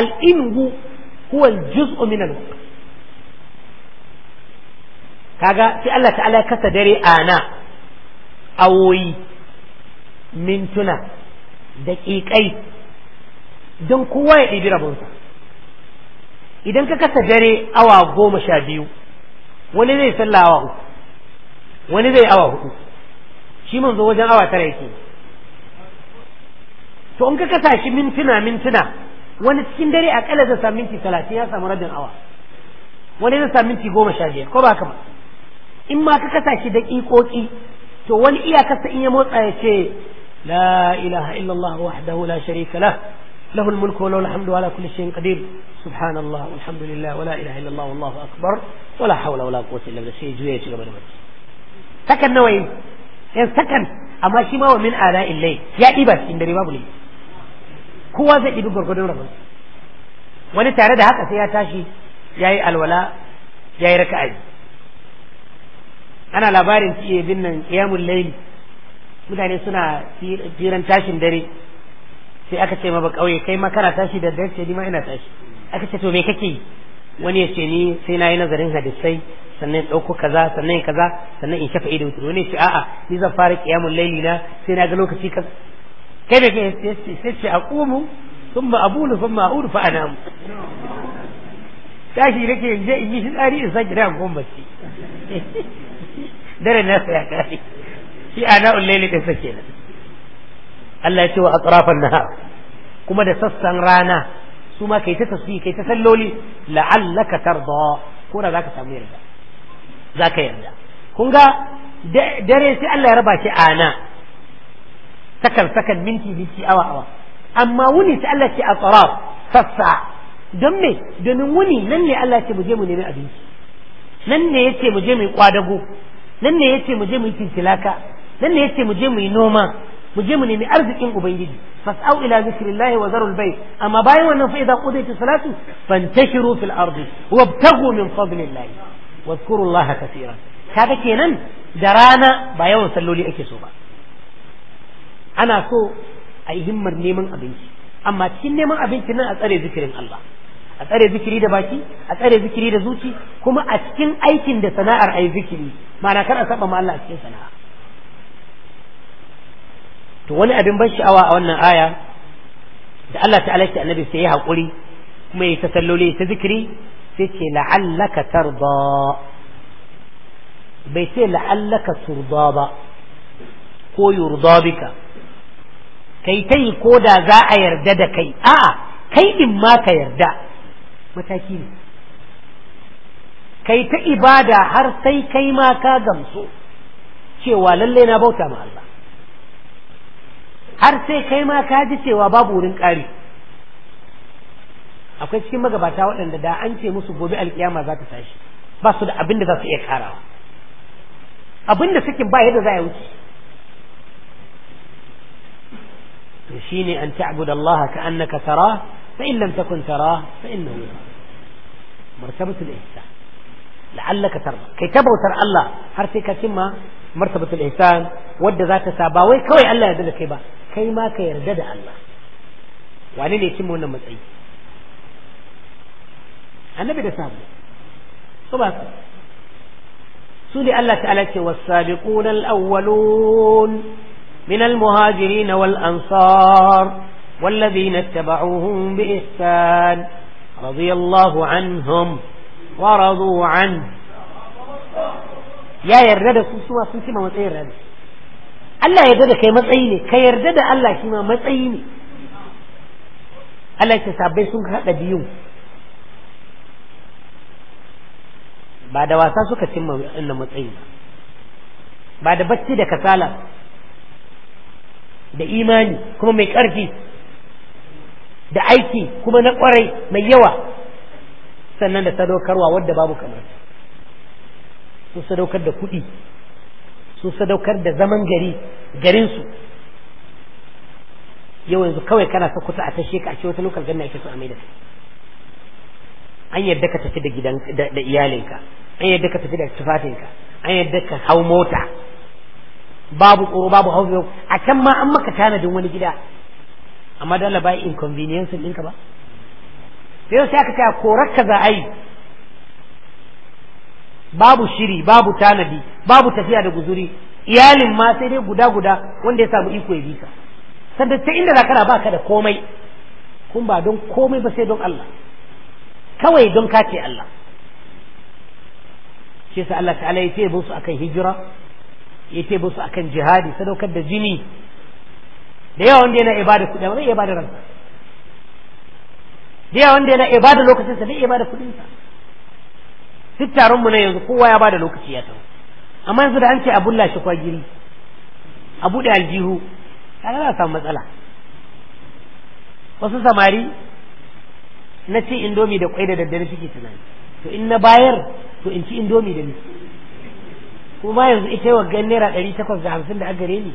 al'ingu huwa juz'u min al kaga sai Allah ta'ala kasa dare ana awoyi mintuna daƙiƙai don kowa ya ɗibi rabonsa idan ka kasa dare awa goma sha biyu wani zai sallah awa uku wani zai awa hudu shi zo wajen awa tara yake to in ka kasa shi mintuna mintuna wani cikin dare akalla zai samu minti talatin ya samu rabin awa wani zai samu minti goma sha biyar ko ba kama in ma ka kasa shi da ƙiƙoƙi to wani iyakarsa in ya motsa ya ce la ilaha illallah wahdahu la sharika lah له الملك وله الحمد على كل شيء قدير سبحان الله والحمد لله ولا إله إلا الله والله أكبر ولا حول ولا قوة إلا بالله سيجوا يجوا سكن نوعين yan sakan amma shi ma wa min ala illai ya ɗiba cikin dare babu ne kowa zai ɗibi gwargwadon rabon wani tare da haka sai ya tashi ya yi alwala ya yi raka'a ana labarin ciye bin nan mutane suna firan tashin dare sai aka ce ma ba kauye kai ma kana tashi da dare ce ni ma ina tashi aka ce to me kake wani ya ce ni sai na yi nazarin hadisai sannan ɗauko kaza sannan kaza sannan in shafa ido wutar wani ya ce a'a ni zan fara kiyamun laili na sai na ga lokaci ka kai da kai sai ce aqumu thumma abulu thumma a'udu fa anamu tashi nake ke je in yi fitsari in sake da gon bacci dare na sai ya kare shi ana laili din sake na. Allah ya ce wa atrafan nahar kuma da sassan rana su ma kai ta tasbih kai ta salloli la'allaka tarda ko da zaka samu yarda zaka yarda kun ga dare sai Allah ya raba shi ana sakan sakan minti minti awa awa amma wuni sai Allah ce atraf sassa don me domin wuni nan ne Allah ce mu je mu nemi abinci nan ne yace mu je mu yi kwadago nan ne yace mu je mu yi tintilaka nan ne yace mu je mu yi noma mu je mu nemi arzikin ubangiji fas'au ila zikrillahi wa zarul bayt amma bayan wannan fa idan qudaytu salatu fantashiru fil ardi wabtaghu min fadlillahi wadhkurullaha kaseeran kaga kenan da rana ba yawan salloli ake so ba ana so a yi himmar neman abinci amma cikin neman abinci nan a tsare zikirin Allah a tsare zikiri da baki a tsare zikiri da zuci kuma a cikin aikin da sana'ar yi zikiri ma'ana kar a saba ma Allah a cikin sana'a to wani abin ban sha'awa a wannan aya da Allah ta'ala ce annabi sai ya haƙuri kuma ya tasalloli ta zikiri sai ce la'allaka tarda bai sai la'allaka turda ba ko yurda bika kai tai ko da za a yarda da kai a'a kai din ma ka yarda mataki ne kai ta ibada har sai kai ma ka gamsu cewa lallai na bauta ma Allah har sai kai ma ka ji cewa babu wurin ƙari akwai cikin magabata waɗanda da an ce musu gobe alkiyama za ta tashi ba su da abin da za su iya karawa abin da suke ba yadda za a wuce to shine an ta'budu Allah ka annaka tara fa in lam takun tara fa innahu martabatul ihsan la'allaka tarda kai ta bautar Allah har sai ka cimma martabatul ihsan wadda za ta sa ba wai kawai Allah ya da kai ba kai ma ka yarda da Allah wane ne cimma wannan matsayi annabi da sabu su ba su su ne Allah ta'ala ce wasabiqun al-awwalun min al-muhajirin wal ansar والذين اتبعوهم بإحسان رضي الله عنهم ورضوا عنه يا يرد سوى سنتي ما متى Allah yarda da kai matsayi ne ka yarda da Allah shi ma matsayi ne Allah ya sabai sun haɗa biyu ba da wasa suka cimma wannan matsayi ba da bacci da kasala da imani kuma mai ƙarfi da aiki kuma na kwarai mai yawa sannan da sadaukarwa wadda babu kamar su sadaukar da kuɗi sun sadaukar da zaman gari garinsu yau yanzu kawai kana sa kusa a tashe ka a ce wata lokal ganna ake so a maida an yadda ka tafi da gidan da iyalinka an yadda ka tafi da tufafinka an yadda ka hau mota babu tsoro babu hau a can ma an maka tanadin wani gida amma dole ba inconvenience ɗinka ba sai sai aka ce korar ka za a yi babu shiri babu tanadi babu tafiya da guzuri iyalin ma sai dai guda guda wanda ya samu iko ya bisa sanda ta inda za kana baka da komai kun ba don komai ba sai don Allah kawai don kace Allah shi sa Allah ta'ala ya tebe su akan hijira ya tebe su akan jihadi sadaukar da jini da yawa wanda yana ibada kuɗi ba zai ibada ransa da yawa wanda yana ibada lokacin sa da ibada kuɗin sa duk taron mu na yanzu kowa ya bada lokaci ya taho amma yanzu da an ce a bulla shi kwagiri a buɗe aljihu kaga za a samu matsala wasu samari na ci indomi da kwai da daddare suke tunani to in na bayar to in ci indomi da ni kuma yanzu ita yi gan naira ɗari takwas da hamsin da a gare ni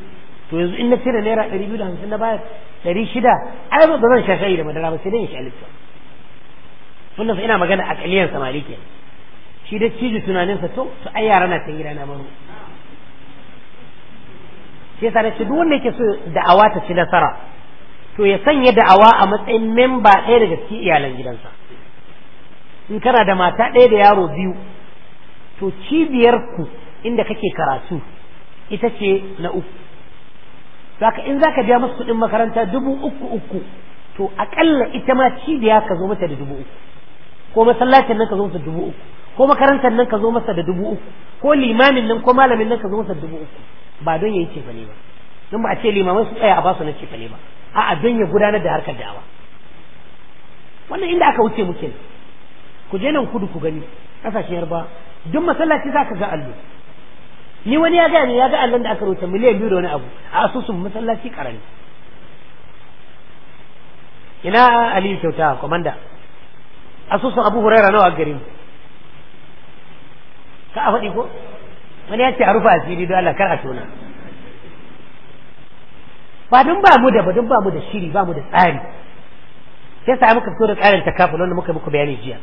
to yanzu in na cire naira ɗari biyu da hamsin na bayar ɗari shida ai ba zan sha shayi da madara ba sai dai in sha lifton wannan ina magana a kaliyan samari kenan shi da ciji tunaninsa to su ai yara na ta rana maro shi yasa ce duk wanda yake so da'awa ta ci nasara to ya sanya da'awa a matsayin memba ɗaya daga cikin iyalan gidansa in kana da mata ɗaya da yaro biyu to cibiyar ku inda kake karatu ita ce na uku zaka in zaka biya musu kuɗin makaranta dubu uku uku to akalla ita ma cibiya ka zo mata da dubu uku ko masallacin nan ka zo mata dubu uku ko makarantar nan ka zo masa da dubu uku ko limamin nan ko malamin nan ka zo masa da dubu uku ba don ya yi cefa ne ba don ba a ce limamin su tsaya a basu na cefa ne ba a'a don ya gudanar da harkar da'awa wannan inda aka wuce muke ku je nan kudu ku gani kasashen yarba duk masallaci za ka ga allo ni wani ya gane ya ga allon da aka rubuta miliyan biyu da wani abu a asusun masallaci karami ina aliyu kyauta komanda asusun abu huraira nawa garin ka a faɗi ko wani ya ce a rufe asiri don Allah kar a tona ba don ba mu da ba don ba mu da shiri ba mu da tsari sai sa muka fito da tsarin kafin wanda muka muku bayani jiya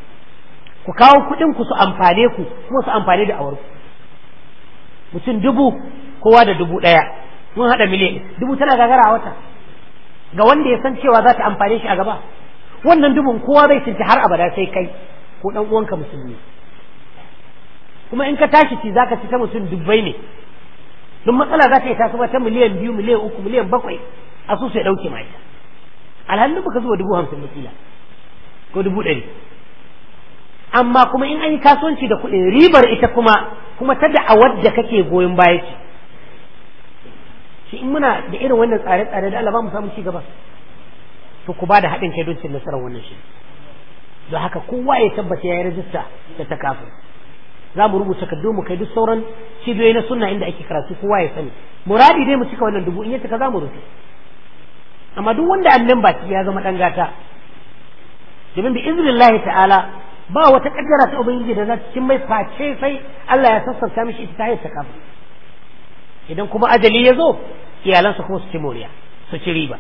ku kawo kuɗin ku su amfane ku kuma su amfane da awarku mutum dubu kowa da dubu ɗaya mun haɗa miliyan dubu tana gagara a wata ga wanda ya san cewa za ta amfane shi a gaba wannan dubun kowa bai cinci har abada sai kai ko ɗan uwanka musulmi kuma in ka tashi ci zaka ci ta mutum dubbai ne don matsala za ta yi tasowa ta miliyan biyu miliyan uku miliyan bakwai a su sai ɗauke mata alhalin baka zuwa dubu hamsin kila ko dubu ɗari amma kuma in an yi kasuwanci da kuɗi ribar ita kuma kuma ta da'awar da kake goyon baya ce shi in muna da irin wannan tsare-tsare da Allah ba mu samu ci gaba to ku ba da haɗin kai don cin nasarar wannan shi don haka kowa ya tabbata ya yi rajista da ta kafin za mu rubuta kaddu mu kai duk sauran cibiyoyi na sunna inda ake karatu kowa ya sani muradi dai mu cika wannan dubu in ya cika za mu rufe amma duk wanda annan baki ya zama dan gata domin bi iznillahi ta'ala ba wata kaddara ta ubangiji da za ta cin mai face sai Allah ya sassauta mishi ita ta hayyar ta idan kuma ajali ya zo iyalansa kuma su ci moriya su ci riba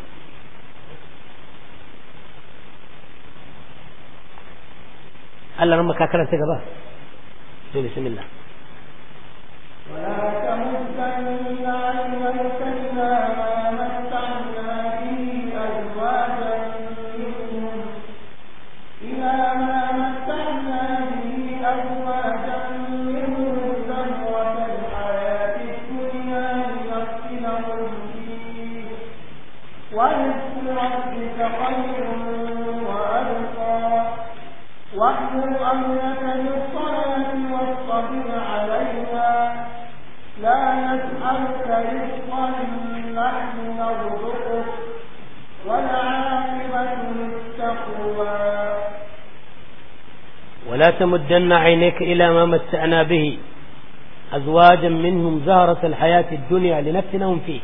Allah nan ka karanta gaba بسم الله ولا تمدن عينيك إلى ما متعنا به أزواجا منهم زهرة الحياة الدنيا لنفتنهم فيه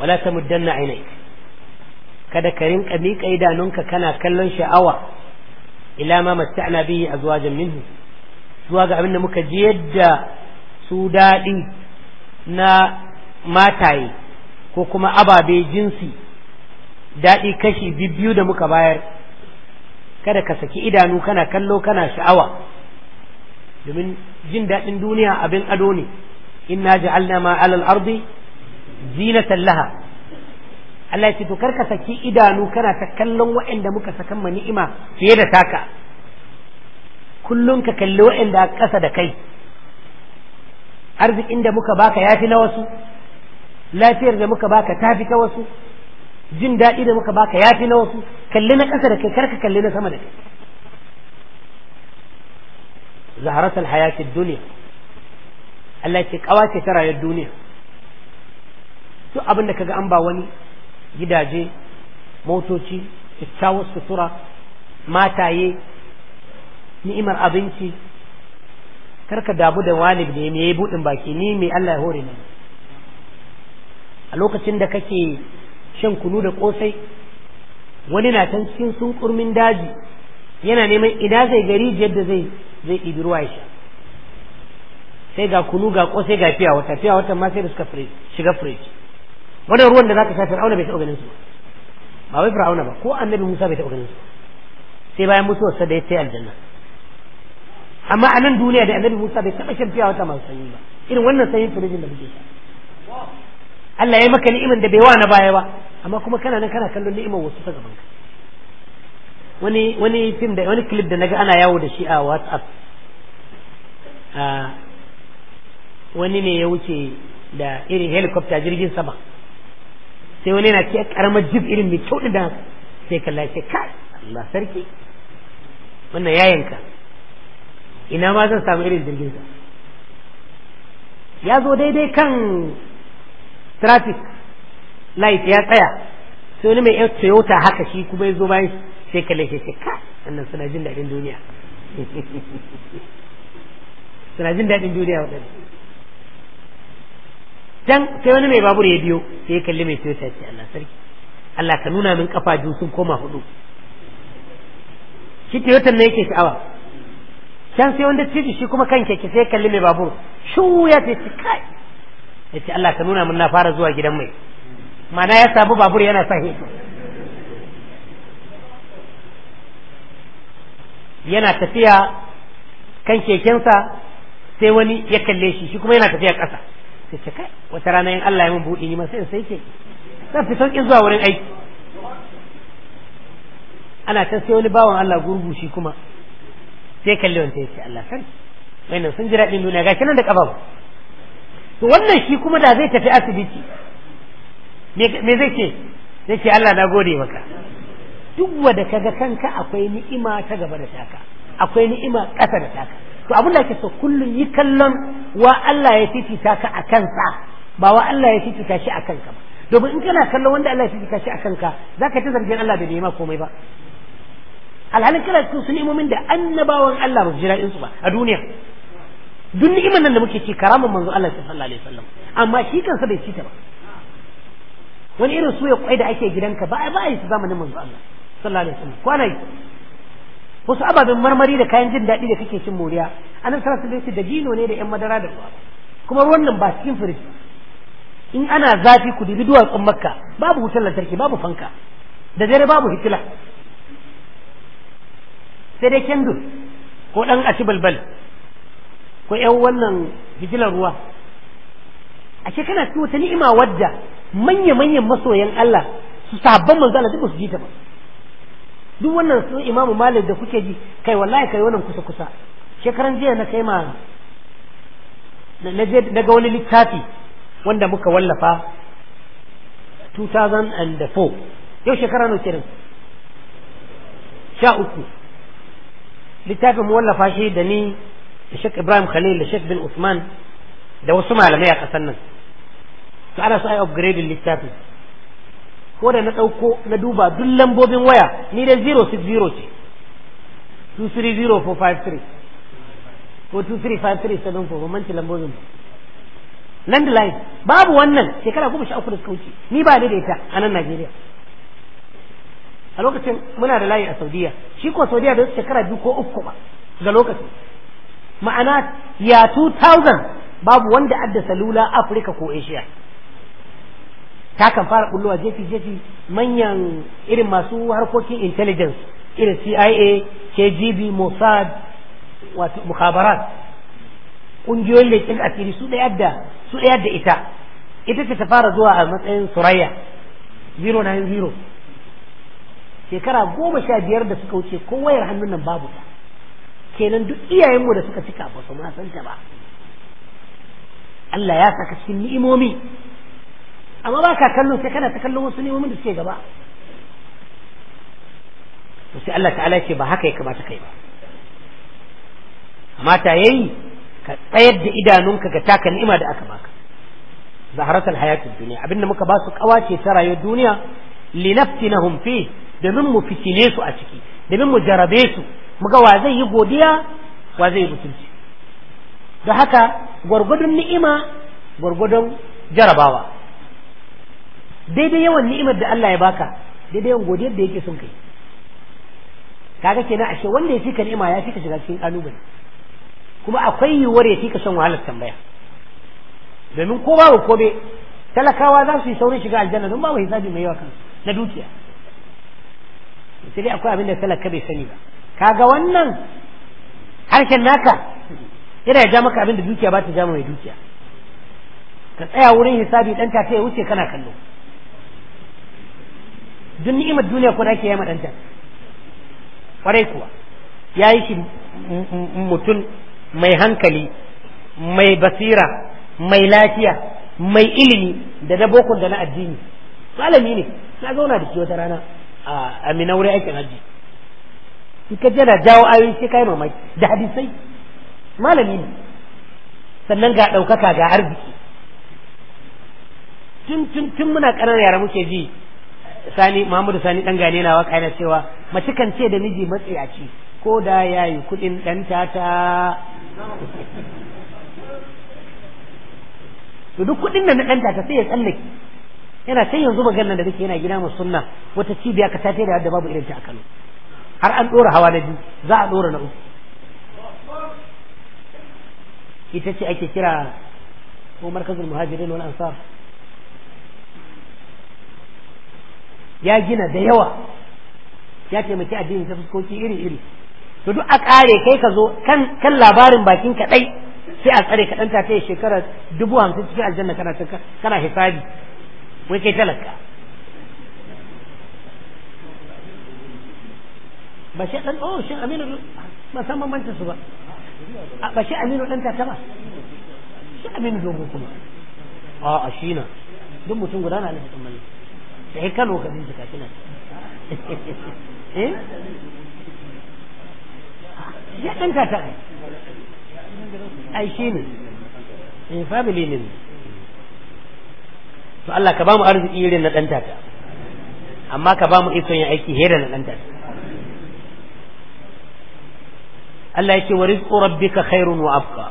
ولا تمدن عينيك kada ka rinka miƙa idanunka kana kallon sha'awa ila ma matta'na bihi azwajan minhu zuwa ga abinda muka ji da su daɗi na mataye ko kuma ababe jinsi daɗi kashi biyu da muka bayar kada ka saki idanu kana kallo kana sha'awa domin jin daɗin duniya abin ado ne inna ja'alna ma alal ardi zinatan laha Allah ya ce to karka saki idanu kana ta kallon waɗanda muka saka ma ni'ima fiye da taka kullum ka kalli waɗanda ƙasa da kai arzikin da muka baka yafi na wasu lafiyar da muka baka tafi ta wasu jin daɗi da muka baka yafi na wasu kalli na ƙasa da kai karka kalli na sama da kai zaharat alhayatid duniya Allah ce kawace ta rayuwar duniya su abin da kaga an ba wani gidaje motoci kyakkyawar sutura mataye ni'imar abinci karka damu da walib ne me yi buɗin baki ni me Allah ya hore ni a lokacin da kake shan kunu da kosai wani na can cikin sun kurmin daji yana neman ina zai gari yadda zai zai ɗibi ruwa ya sha sai ga kunu ga ko sai ga fiya wata fiya wata ma sai da suka shiga firiji wannan ruwan da zaka sha fir'auna bai taɓa ganin su ba wai fir'auna ba ko annabi musa bai taɓa ganin su sai bayan musu sa da ya tayi aljanna amma a nan duniya da annabi musa bai taɓa shan fiya wata masu sanyi ba irin wannan sanyin firijin da muke sha Allah ya maka ni'iman da bai wa na baya ba amma kuma kana nan kana kallon ni'imar wasu ta gaban ka wani wani fim da wani clip da naga ana yawo da shi a WhatsApp a wani ne ya wuce da irin helicopter jirgin sama sai wani yana ce karamar jib irin mai kyau da sai kalla ce kai Allah sarki wannan yayanka ina ma zan samu irin jirgin sa ya zo daidai kan traffic light ya tsaya sai wani mai toyota haka shi kuma ya zo bayan sai kalle shi ka wannan suna jin daɗin duniya suna jin daɗin duniya waɗanda dan sai wani mai babur ya biyo sai ya kalli mai toyota ce Allah sarki Allah ka nuna min kafa ju sun koma hudu shi toyota ne yake sha'awa can sai wanda titi shi kuma kan keke sai kalli mai babur shu ya ce kai ya ce Allah ka nuna min na fara zuwa gidan mai mana ya samu babur yana sa heto yana tafiya kan kekensa sai wani ya kalle shi shi kuma yana tafiya ƙasa sai ce kai wata rana yin Allah ya mun buɗe ni sai in sai ke zan fi sauƙin zuwa wurin aiki ana ta sai wani bawan Allah gurgu shi kuma sai kalle wanda ya ce Allah sarki wannan sun ji daɗin duniya gashi nan da ƙafa to wannan shi kuma da zai tafi asibiti me zai ce zai ce Allah na gode maka duk wanda kaga kanka akwai ni'ima ta gaba da taka akwai ni'ima ƙasa da taka to abin da ake so kullum yi kallon wa Allah ya fifita taka a kansa ba wa Allah ya fifita shi a kanka ba domin in kana kallon wanda Allah ya fifita shi a kanka zaka ta zargin Allah bai nema komai ba alhalin kana cikin su ni'imomin da annabawan Allah ba su ji su ba a duniya duk ni'imar nan da muke ci karamin manzo Allah sallallahu alaihi wasallam amma shi kansa bai ci ta ba wani irin suya kwai da ake gidanka ba ba yi zamanin manzo Allah sallallahu alaihi wasallam kwana yi wasu ababen marmari da kayan jin daɗi da kake cin moriya anan sallallahu alaihi wasallam da dino ne da yan madara da ruwa kuma ruwan nan ba cikin firiji in ana zafi ku dubi duwatsun makka babu wutar lantarki babu fanka da dare babu hitila sai dai kendur ko ɗan aci ko yan wannan hitilar ruwa a kana ci wata ni'ima wadda manya-manyan masoyan Allah su sabon manzo Allah duk su ji ta ba duk wannan su imamu malik da kuke ji kai wallahi kai wannan kusa kusa shekaran jiya na kai ma na ga wani littafi wanda muka wallafa 2004 yau shekara nau kenan sha uku littafin mu wallafa shi da ni da shek Ibrahim Khalil da shek bin Usman da wasu malamai a ƙasar nan to ana so ai upgrading littafin ko da na dauko na duba duk lambobin waya ni da 060 ce 230453 ko 23537 ba manci lambobin landline babu wannan shekara goma sha uku da suka wuce ni ba da ita a nan Najeriya a lokacin muna da layi a Saudiya shi ko Saudiya da shekara biyu ko uku ba ga lokacin ma'ana ya 2000 babu wanda adda salula Afirka ko Asia ta kan fara bullowa jefi jefi manyan irin masu harkokin intelligence irin CIA KGB Mossad wato mukhabarat kungiyoyin kin asiri su da yadda su da yadda ita ita ce ta fara zuwa a matsayin surayya 090 shekara goma sha biyar da suka wuce ko wayar hannun nan babu ta kenan duk iyayenmu da suka cika ba su ma san ta ba Allah ya saka cikin ni'imomi amma ba ka kallon sai kana ta kallon wasu wani da suke gaba to sai Allah ta'ala ce ba haka ya kamata kai ba ta yayi ka tsayar da idanunka ga taka ni'ima da aka baka zaharatul hayatid dunya abinda muka ba su kawace ta rayuwar duniya naftinahum fi domin mu fitile su a ciki domin mu jarabe su muka wa zai yi godiya wa zai yi mutunci da haka gwargwadon ni'ima gwargwadon jarabawa daidai yawan ni'imar da Allah ya baka daidai yawan godiyar da yake son kai kaga kenan ashe wanda ya fika ni'ima ya fika shiga cikin kalubale kuma akwai yiwuwar ya fika shan wahalar tambaya domin ko babu kobe talakawa za su yi saurin shiga aljanna don babu hisabi mai yawa kansu na dukiya sai dai akwai abin da talaka bai sani ba kaga wannan harshen naka yana ya ja maka abin da dukiya ba ta ja mai dukiya ka tsaya wurin hisabi dan ta ya wuce kana kallo duk ni'imar duniya ko nake ke yi madanta kwarai kuwa ya yi shi mutum mai hankali mai basira mai lafiya mai ilimi da na bokon da na addini malami ne na zauna da shi wata rana a minaure aikin hajji in ka jana jawo ayoyi sai kai mamaki da hadisai malami ne sannan ga ɗaukaka ga arziki tun tun tun muna ƙarar yara muke ji sani muhammadu sani dan gane na waka yana cewa mace kan ce da miji matsiyaci ko da yayi kudin dan tata to duk kudin nan dan tata sai ya tsallake yana sai yanzu maganar da kake yana gina mu sunna wata cibiya ka tafi da babu irin ta a Kano har an dora hawa na biyu za a dora na uku ita ce ake kira ko markazul muhajirin wal ansar ya gina da yawa ya taimaki addini ta fuskoki iri-iri to duk a kare kai ka zo kan kan labarin bakin ka dai sai a tsare ka danta ta shekara dubu hamsin cikin aljanna kana kana hisabi wai kai talaka ba shi dan oh shin aminu ba san bambanta su ba ba shi aminu dan ta ba shi aminu dogo kuma a a shi na duk mutum guda na alifin mallaka sai eh, kalo ka bincika kina eh ya dan kaka ai shi ne eh family ne to Allah ka bamu arziki irin na dan tata amma ka bamu mu ikon yin aiki hera na dan tata Allah yake wa rizqu rabbika khairun wa abqa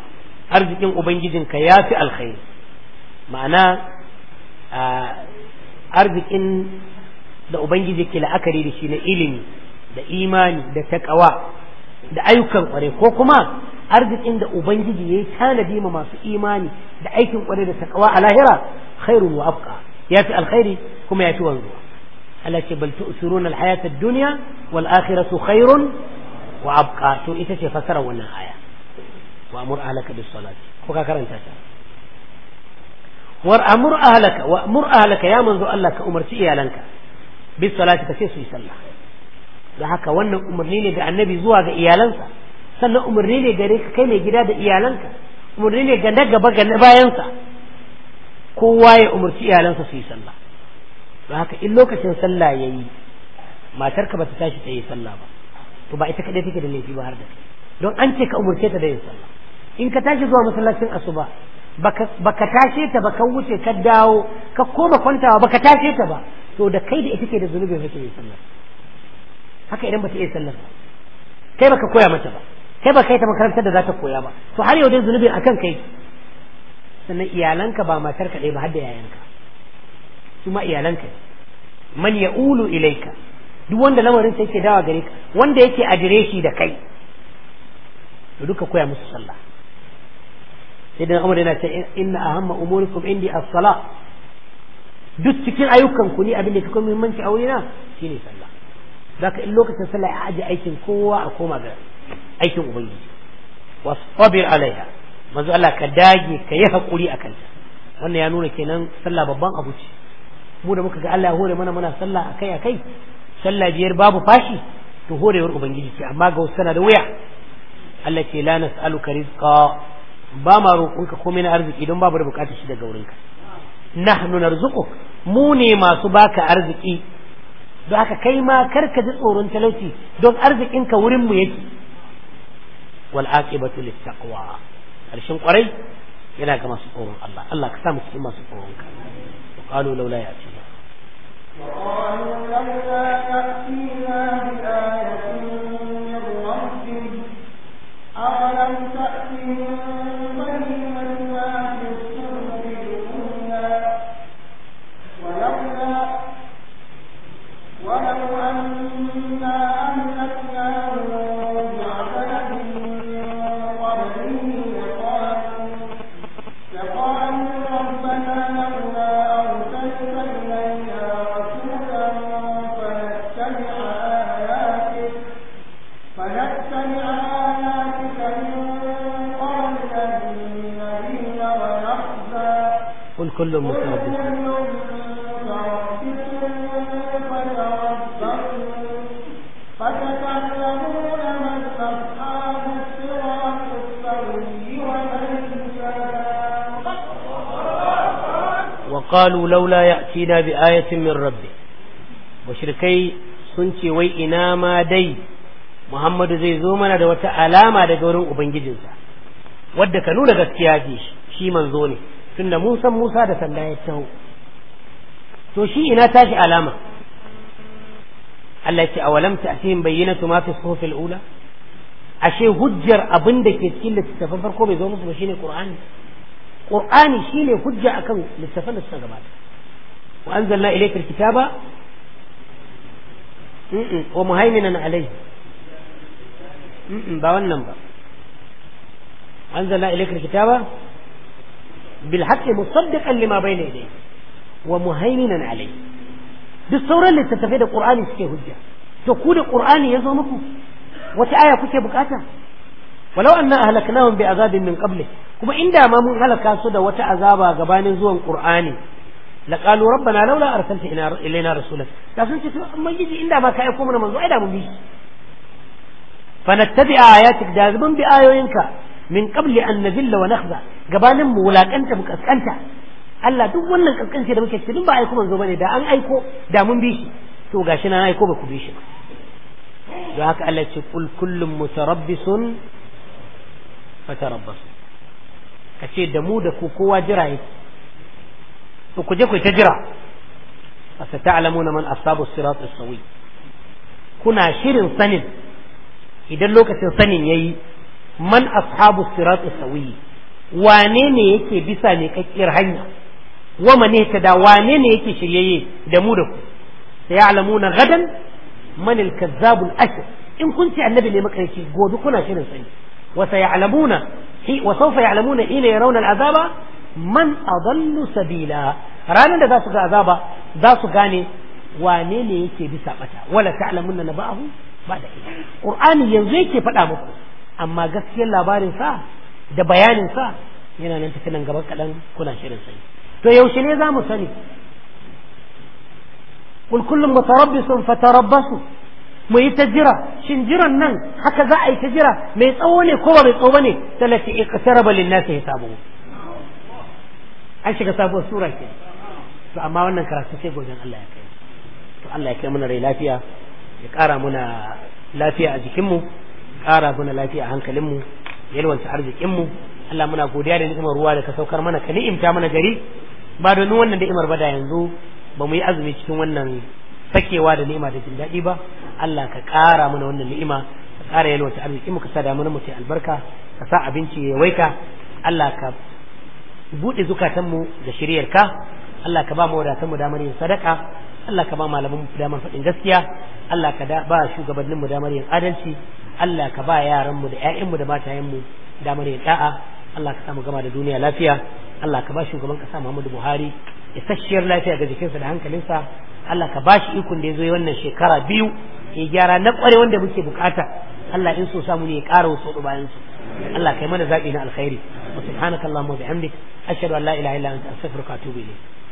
arzikin ubangijinka yafi alkhairi ma'ana ah, arzikin da ubangiji ke la'akari da shi na ilimi da imani da takawa da ayyukan ƙware ko kuma arzikin da ubangiji yayi tanadi ma masu imani da aikin ƙware da takawa a lahira khairun wa ya yafi alkhairi kuma yafi wanzuwa Allah ce bal tu'siruna alhayata ad-dunya wal akhiratu khairun wa abqa to ita ce fasara wannan aya wa amur ahlaka bis salati ko ka karanta ta war amur ahlaka wa amur ahlaka ya manzo Allah ka umarci iyalanka bi salati ka ce suyi sallah da haka wannan umarni ne ga annabi zuwa ga iyalansa sannan umarni ne gare ka kai mai gida da iyalanka umarni ne ga na gaba ga bayan bayansa kowa ya umarci iyalansa su yi sallah da haka in lokacin sallah yayi matarka ba ta tashi ta yi sallah ba to ba ita kadai take da laifi ba har da don an ce ka umarce ta da yin sallah in ka tashi zuwa masallacin asuba baka tashe ta ba ka wuce ka dawo ka koma kwantawa baka tashe ta ba to da kai da ita ke da zunubin rashin yin sallar haka idan bata iya sallar ba kai baka koya mata ba kai baka kai ta makarantar da za ta koya ba to har yau dai zunubin akan kai sannan iyalanka ba matar ka ba har da yayanka su ma iyalanka man ya'ulu ilaika duk wanda lamarin sai ke dawa gare ka wanda yake adireshi da kai to duka koya musu sallah sai da umar yana ce inna ahamma umurikum indi as-sala duk cikin ayyukan ku ni abin da kuke muhimmanci a wurina shine sallah zaka in lokacin sallah ya aje aikin kowa a koma ga aikin ubangiji wasabir alaiha manzo Allah ka dage ka yi hakuri akan ta wannan ya nuna kenan sallah babban abu ce mu da muka ga Allah ya hore mana muna sallah akai akai sallah biyar babu fashi to horewar ubangiji ce amma ga wasu da wuya Allah ce la nas'aluka rizqa ba ma roƙonka komai na arziki don babu da buƙatar shi daga wurinka nahnu zuku mu ne masu baka arziki don haka kai ma karka ji tsoron talauci don arzikinka wurin mu yake wal aqibatu lit taqwa karshen kwarai yana ga masu tsoron Allah Allah ka sa mu cikin masu tsoron ka qalu laula ya'tina وقالوا لولا تأتينا بآية من ربه أولم تأتهم كل مصاب وقالوا لولا يأتينا بآية من ربه وشركي سنتي وإنا ما دي محمد زي زومنا دوتا ألاما دورو أبنجدنسا wadda ka nuna gaskiya ce shi tunda mun san Musa da sanda ya taho to shi ina tashi alama Allah ya ce awalam ta'tihim bayyinatu ma fi suhuf al-ula ashe hujjar abin da ke cikin littafin farko bai zo musu ba shine Qur'ani Qur'ani shine hujja akan littafin da suka gabata wa anzalna ilayka alkitaba kitaba wa muhaiminan alayhi ba wannan ba anzalna ilayka alkitaba kitaba بالحق مصدقا لما بين يديه na alai duk sauran littattafai da qur'ani suke hujja to ku da qur'ani yazo muku wata aya kuke bukata walau anna ahlaknahum bi azabin min qabli kuma inda ma mun halaka su da wata azaba gabanin zuwan qur'ani laqalu rabbana laula arsalta ilaina rasulan da sun ce to amma yiji inda ma ka aiko mana manzo ai da mu bi fanattabi ayatik da zaban bi ayoyinka min qabli an nazilla wa nakhza gabanin mu wulakanta mu kaskanta Allah duk wannan kaskanci da muke duk ba aiko manzo bane da an aiko da mun bi shi to gashi na aiko ba ku bi shi ba don haka Allah ce kul kullum mutarabbisun fatarabbasu ce da mu da ku kowa jira yake to ku je ku ta jira fastata'lamuna man asabu sirat as-sawi kuna shirin sanin idan lokacin sanin yayi man ashabu sirat as-sawi wane ne yake bisa ne kakkiyar hanya wama ne ta da wane ne yake shiryayye da mu da ku sai ya'lamuna gadan man al-kazzabul ashir in kun ce annabi ne makareci gobe kuna shirin sani wa sayalamuna wa sawfa ya'lamuna ila yarawna al-azaba man adallu sabila ranar da za su ga azaba za su gane wane ne yake bisa bata wala na naba'ahu ba da ita qur'ani yanzu yake faɗa muku amma gaskiyar labarin sa da bayanin sa yana nan tafi nan gaban kaɗan kuna shirin sai to yaushe ne za mu sani kul kullum mutarabbisun fatarabbasu mu yi ta jira shin jiran nan haka za a yi ta jira mai tsawo ne ko ba mai tsawo bane talati iqtaraba lin-nas hisabu an shiga sabuwar sura ke to amma wannan karatu sai gobe Allah ya kai to Allah ya kai mana rai lafiya ya ƙara muna lafiya a jikinmu ƙara muna lafiya a hankalinmu yalwanta arzikin mu Allah muna godiya da ni'imar ruwa da ka saukar mana ka ni'imta mana gari ba domin wannan ni'imar ba da yanzu ba mu yi azumi cikin wannan sakewa da ni'ima da jin daɗi ba Allah ka ƙara mana wannan ni'ima ka ƙara yalwata arzikin mu ka sa damu mu ce albarka ka sa abinci ya waika Allah ka buɗe zukatanmu da shiryarka Allah ka ba mu wadatanmu damar yin sadaka Allah ka ba malaman mu damar faɗin gaskiya Allah ka ba shugabanninmu damar yin adalci Allah ka ba yaranmu da mu da matayenmu damar yin da'a Allah ka samu gama da duniya lafiya Allah ka ba shugaban kasa Muhammadu Buhari isasshiyar lafiya ga jikinsa da hankalinsa Allah ka ba shi ikon da ya zo wannan shekara biyu ya gyara na kware wanda muke bukata Allah in so samu ne ya kara wasu bayan su Allah kai mana zaɓi na alkhairi wa subhanakallahumma wa bihamdik ashhadu an la ilaha illa anta astaghfiruka wa atubu ilayk